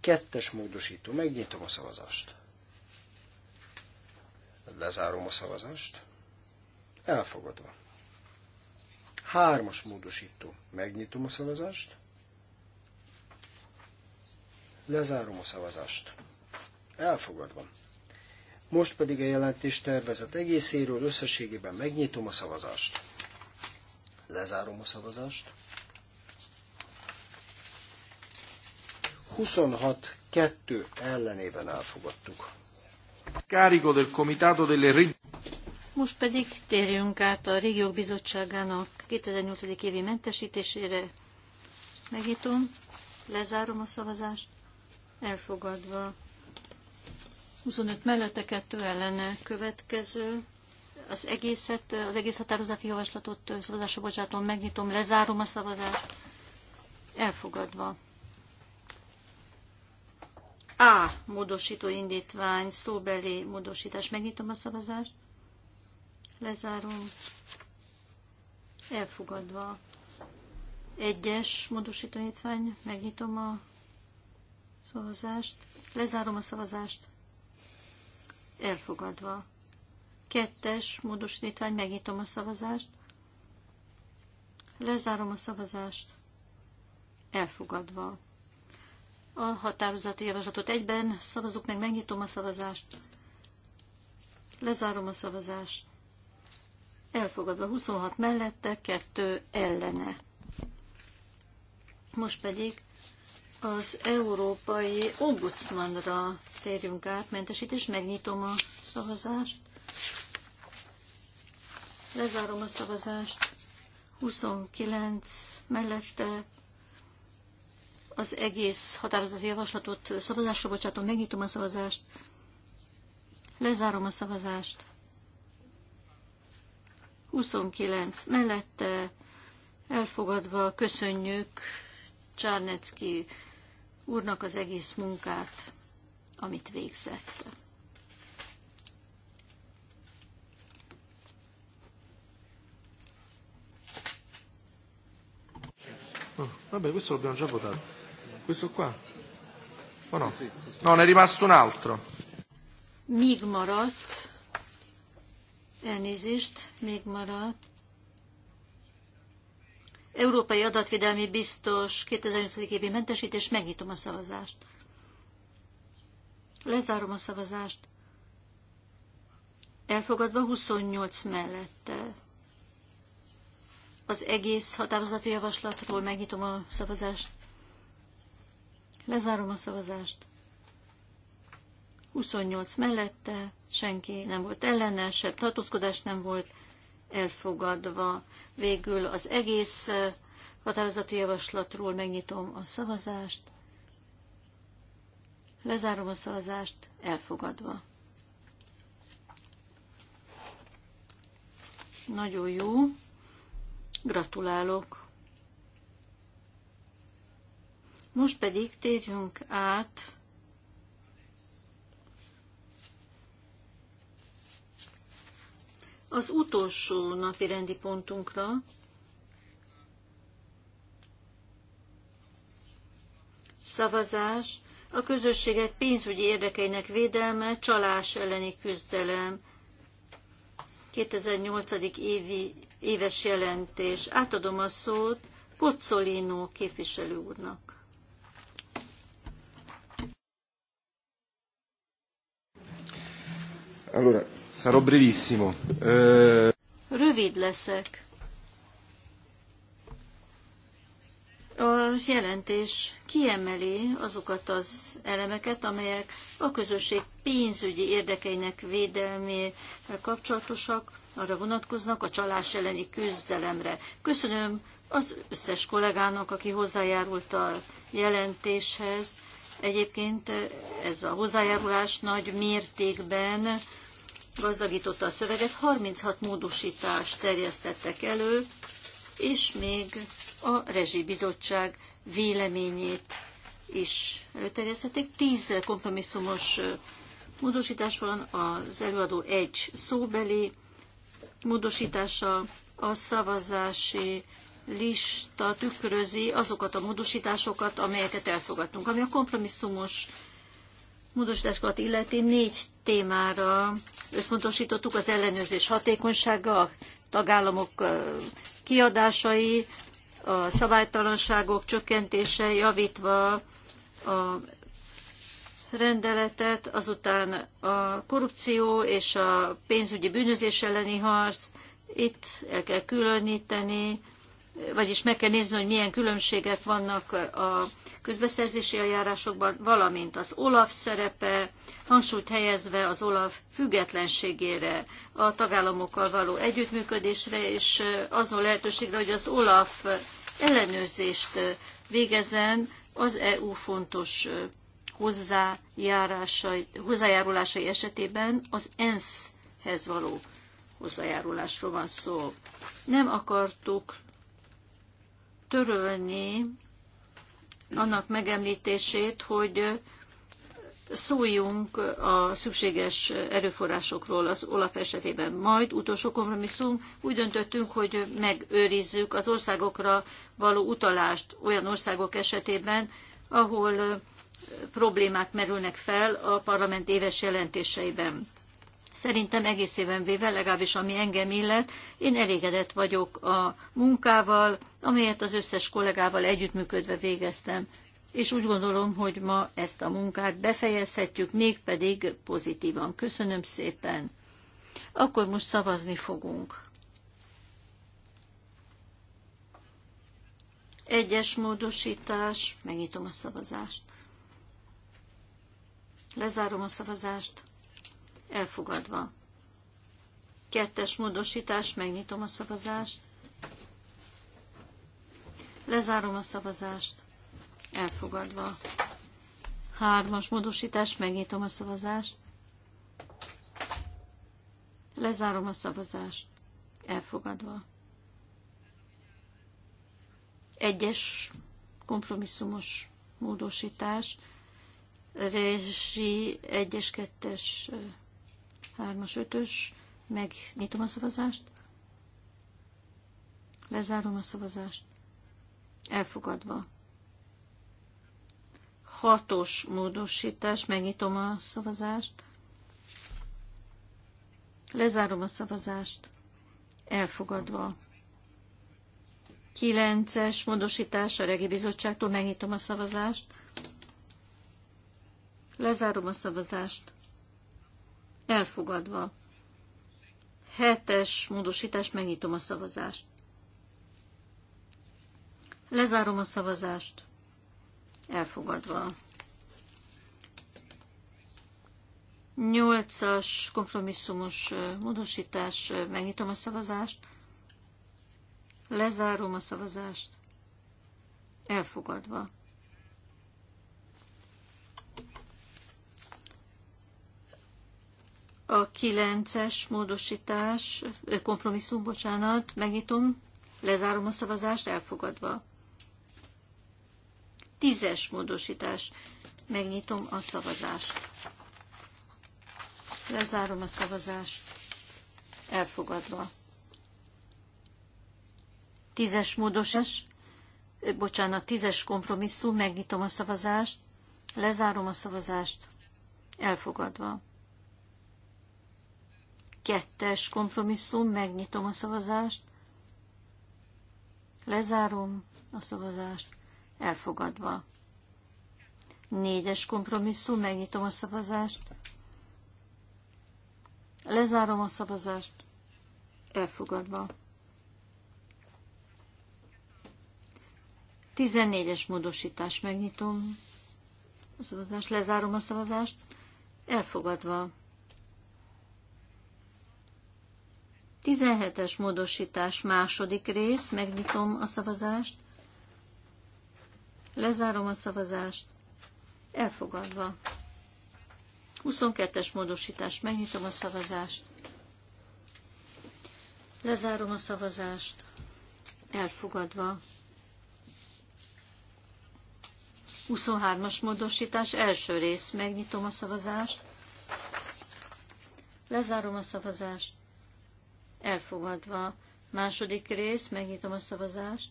Kettes módosító. Megnyitom a szavazást. Lezárom a szavazást. Elfogadva. Hármas módosító. Megnyitom a szavazást. Lezárom a szavazást. Elfogadva. Most pedig a jelentés tervezet egészéről összességében megnyitom a szavazást. Lezárom a szavazást. 26-2 ellenében elfogadtuk. Carico del Comitato delle Regioni. Most pedig térjünk át a Régiók Bizottságának 2008. évi mentesítésére. Megnyitom, lezárom a szavazást, elfogadva 25 mellette, 2 ellene következő. Az egészet, az egész határozati javaslatot szavazásra bocsátom, megnyitom, lezárom a szavazást. Elfogadva. A. Módosító indítvány, szóbeli módosítás. Megnyitom a szavazást. Lezárom. Elfogadva. Egyes módosító indítvány. Megnyitom a szavazást. Lezárom a szavazást elfogadva. Kettes módosítvány, megnyitom a szavazást, lezárom a szavazást, elfogadva. A határozati javaslatot egyben szavazok meg, megnyitom a szavazást, lezárom a szavazást, elfogadva 26 mellette, 2 ellene. Most pedig az európai ombudsmanra térjünk át, mentesítés, megnyitom a szavazást. Lezárom a szavazást. 29 mellette az egész határozati javaslatot szavazásra bocsátom, megnyitom a szavazást. Lezárom a szavazást. 29 mellette elfogadva köszönjük Csárnecki úrnak az egész munkát, amit végzett. Ah, vabbè, questo l'abbiamo già votato. Questo qua? O no? No, ne è rimasto un altro. Még maradt, elnézést, még maradt Európai Adatvédelmi Biztos 2008. évi mentesítés, megnyitom a szavazást. Lezárom a szavazást. Elfogadva 28 mellette. Az egész határozati javaslatról megnyitom a szavazást. Lezárom a szavazást. 28 mellette, senki nem volt ellene, sebb tartózkodás nem volt elfogadva. Végül az egész határozati javaslatról megnyitom a szavazást. Lezárom a szavazást, elfogadva. Nagyon jó. Gratulálok. Most pedig térjünk át az utolsó napi rendi pontunkra, szavazás, a közösségek pénzügyi érdekeinek védelme, csalás elleni küzdelem, 2008. évi, éves jelentés. Átadom a szót Kocolino képviselő úrnak. Allora, Sarò brevissimo. Eh, Rövid leszek. A jelentés kiemeli azokat az elemeket, amelyek a közösség pénzügyi érdekeinek védelmével kapcsolatosak, arra vonatkoznak a csalás elleni küzdelemre. Köszönöm az összes kollégának, aki hozzájárult a jelentéshez. Egyébként ez a hozzájárulás nagy mértékben gazdagította a szöveget, 36 módosítást terjesztettek elő, és még a rezsibizottság véleményét is előterjesztették. Tíz kompromisszumos módosítás van, az előadó egy szóbeli módosítása, a szavazási lista tükrözi azokat a módosításokat, amelyeket elfogadtunk. Ami a kompromisszumos módosításokat illeti négy témára összpontosítottuk az ellenőrzés hatékonysága, a tagállamok kiadásai, a szabálytalanságok csökkentése, javítva a rendeletet, azután a korrupció és a pénzügyi bűnözés elleni harc, itt el kell különíteni, vagyis meg kell nézni, hogy milyen különbségek vannak a közbeszerzési eljárásokban, valamint az OLAF szerepe, hangsúlyt helyezve az OLAF függetlenségére, a tagállamokkal való együttműködésre, és azon lehetőségre, hogy az OLAF ellenőrzést végezen az EU fontos hozzájárulásai esetében az ENSZ-hez való hozzájárulásról van szó. Nem akartuk törölni annak megemlítését, hogy szóljunk a szükséges erőforrásokról az Olaf esetében. Majd utolsó kompromisszum, úgy döntöttünk, hogy megőrizzük az országokra való utalást olyan országok esetében, ahol problémák merülnek fel a parlament éves jelentéseiben. Szerintem egészében véve, legalábbis ami engem illet, én elégedett vagyok a munkával, amelyet az összes kollégával együttműködve végeztem. És úgy gondolom, hogy ma ezt a munkát befejezhetjük, mégpedig pozitívan. Köszönöm szépen. Akkor most szavazni fogunk. Egyes módosítás, megnyitom a szavazást. Lezárom a szavazást elfogadva. Kettes módosítás, megnyitom a szavazást. Lezárom a szavazást, elfogadva. Hármas módosítás, megnyitom a szavazást. Lezárom a szavazást, elfogadva. Egyes kompromisszumos módosítás, rezsi egyes kettes Hármas, ötös. Megnyitom a szavazást. Lezárom a szavazást. Elfogadva. Hatos módosítás. Megnyitom a szavazást. Lezárom a szavazást. Elfogadva. Kilences módosítás a regi bizottságtól. Megnyitom a szavazást. Lezárom a szavazást elfogadva. Hetes módosítás, megnyitom a szavazást. Lezárom a szavazást, elfogadva. Nyolcas kompromisszumos módosítás, megnyitom a szavazást. Lezárom a szavazást, elfogadva. A kilences módosítás, kompromisszum, bocsánat, megnyitom, lezárom a szavazást, elfogadva. Tízes módosítás, megnyitom a szavazást. Lezárom a szavazást, elfogadva. Tízes módosítás, bocsánat, tízes kompromisszum, megnyitom a szavazást, lezárom a szavazást, elfogadva kettes kompromisszum, megnyitom a szavazást, lezárom a szavazást, elfogadva. Négyes kompromisszum, megnyitom a szavazást, lezárom a szavazást, elfogadva. 14-es módosítás, megnyitom a szavazást, lezárom a szavazást, elfogadva. 17-es módosítás második rész, megnyitom a szavazást, lezárom a szavazást, elfogadva. 22-es módosítás, megnyitom a szavazást, lezárom a szavazást, elfogadva. 23-as módosítás, első rész, megnyitom a szavazást, lezárom a szavazást, elfogadva. Második rész, megnyitom a szavazást.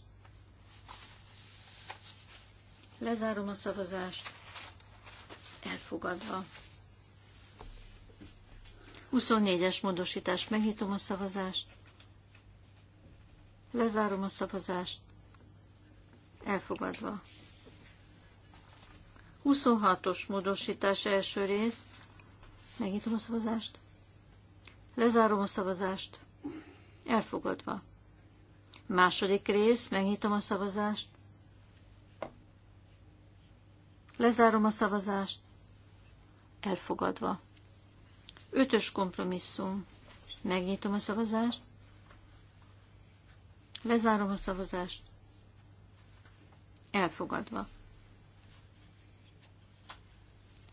Lezárom a szavazást. Elfogadva. 24-es módosítás. Megnyitom a szavazást. Lezárom a szavazást. Elfogadva. 26-os módosítás első rész. Megnyitom a szavazást. Lezárom a szavazást. Elfogadva. Második rész, megnyitom a szavazást. Lezárom a szavazást. Elfogadva. Ötös kompromisszum. Megnyitom a szavazást. Lezárom a szavazást. Elfogadva.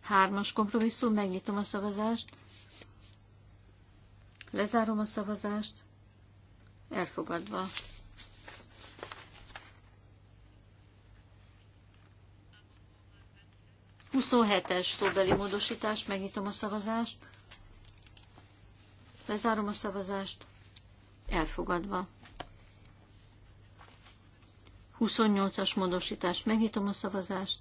Hármas kompromisszum, megnyitom a szavazást. Lezárom a szavazást elfogadva. Huszonhetes szóbeli módosítás, megnyitom a szavazást, lezárom a szavazást, elfogadva. 28-as módosítás, megnyitom a szavazást,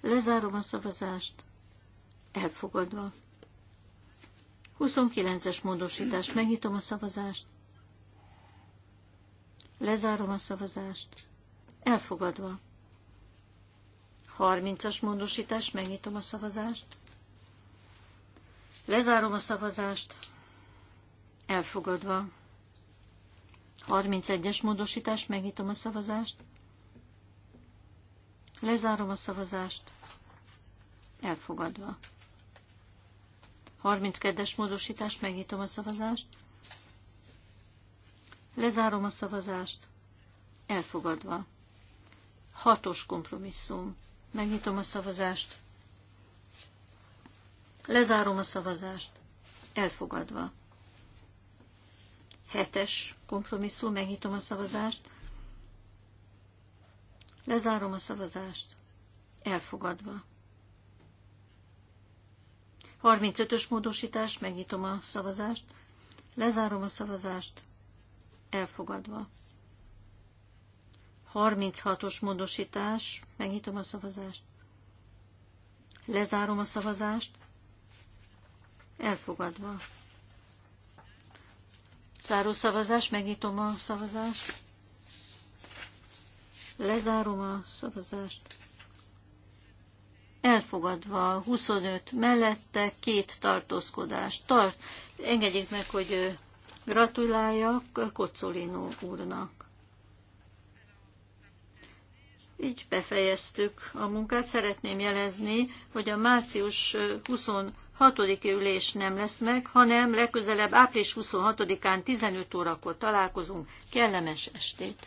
lezárom a szavazást, elfogadva. 29-es módosítás. Megnyitom a szavazást. Lezárom a szavazást. Elfogadva. 30-as módosítás. Megnyitom a szavazást. Lezárom a szavazást. Elfogadva. 31-es módosítás. Megnyitom a szavazást. Lezárom a szavazást. Elfogadva. 32-es módosítást, megnyitom a szavazást. Lezárom a szavazást. Elfogadva. Hatos kompromisszum. Megnyitom a szavazást. Lezárom a szavazást. Elfogadva. Hetes kompromisszum. Megnyitom a szavazást. Lezárom a szavazást. Elfogadva. 35-ös módosítás, megnyitom a szavazást, lezárom a szavazást, elfogadva. 36-os módosítás, megnyitom a szavazást, lezárom a szavazást, elfogadva. Záró szavazás, megnyitom a szavazást, lezárom a szavazást, elfogadva 25 mellette, két tartózkodást Tart, engedjék meg, hogy gratuláljak Kocolino úrnak. Így befejeztük a munkát. Szeretném jelezni, hogy a március 26-i ülés nem lesz meg, hanem legközelebb április 26-án 15 órakor találkozunk. Kellemes estét!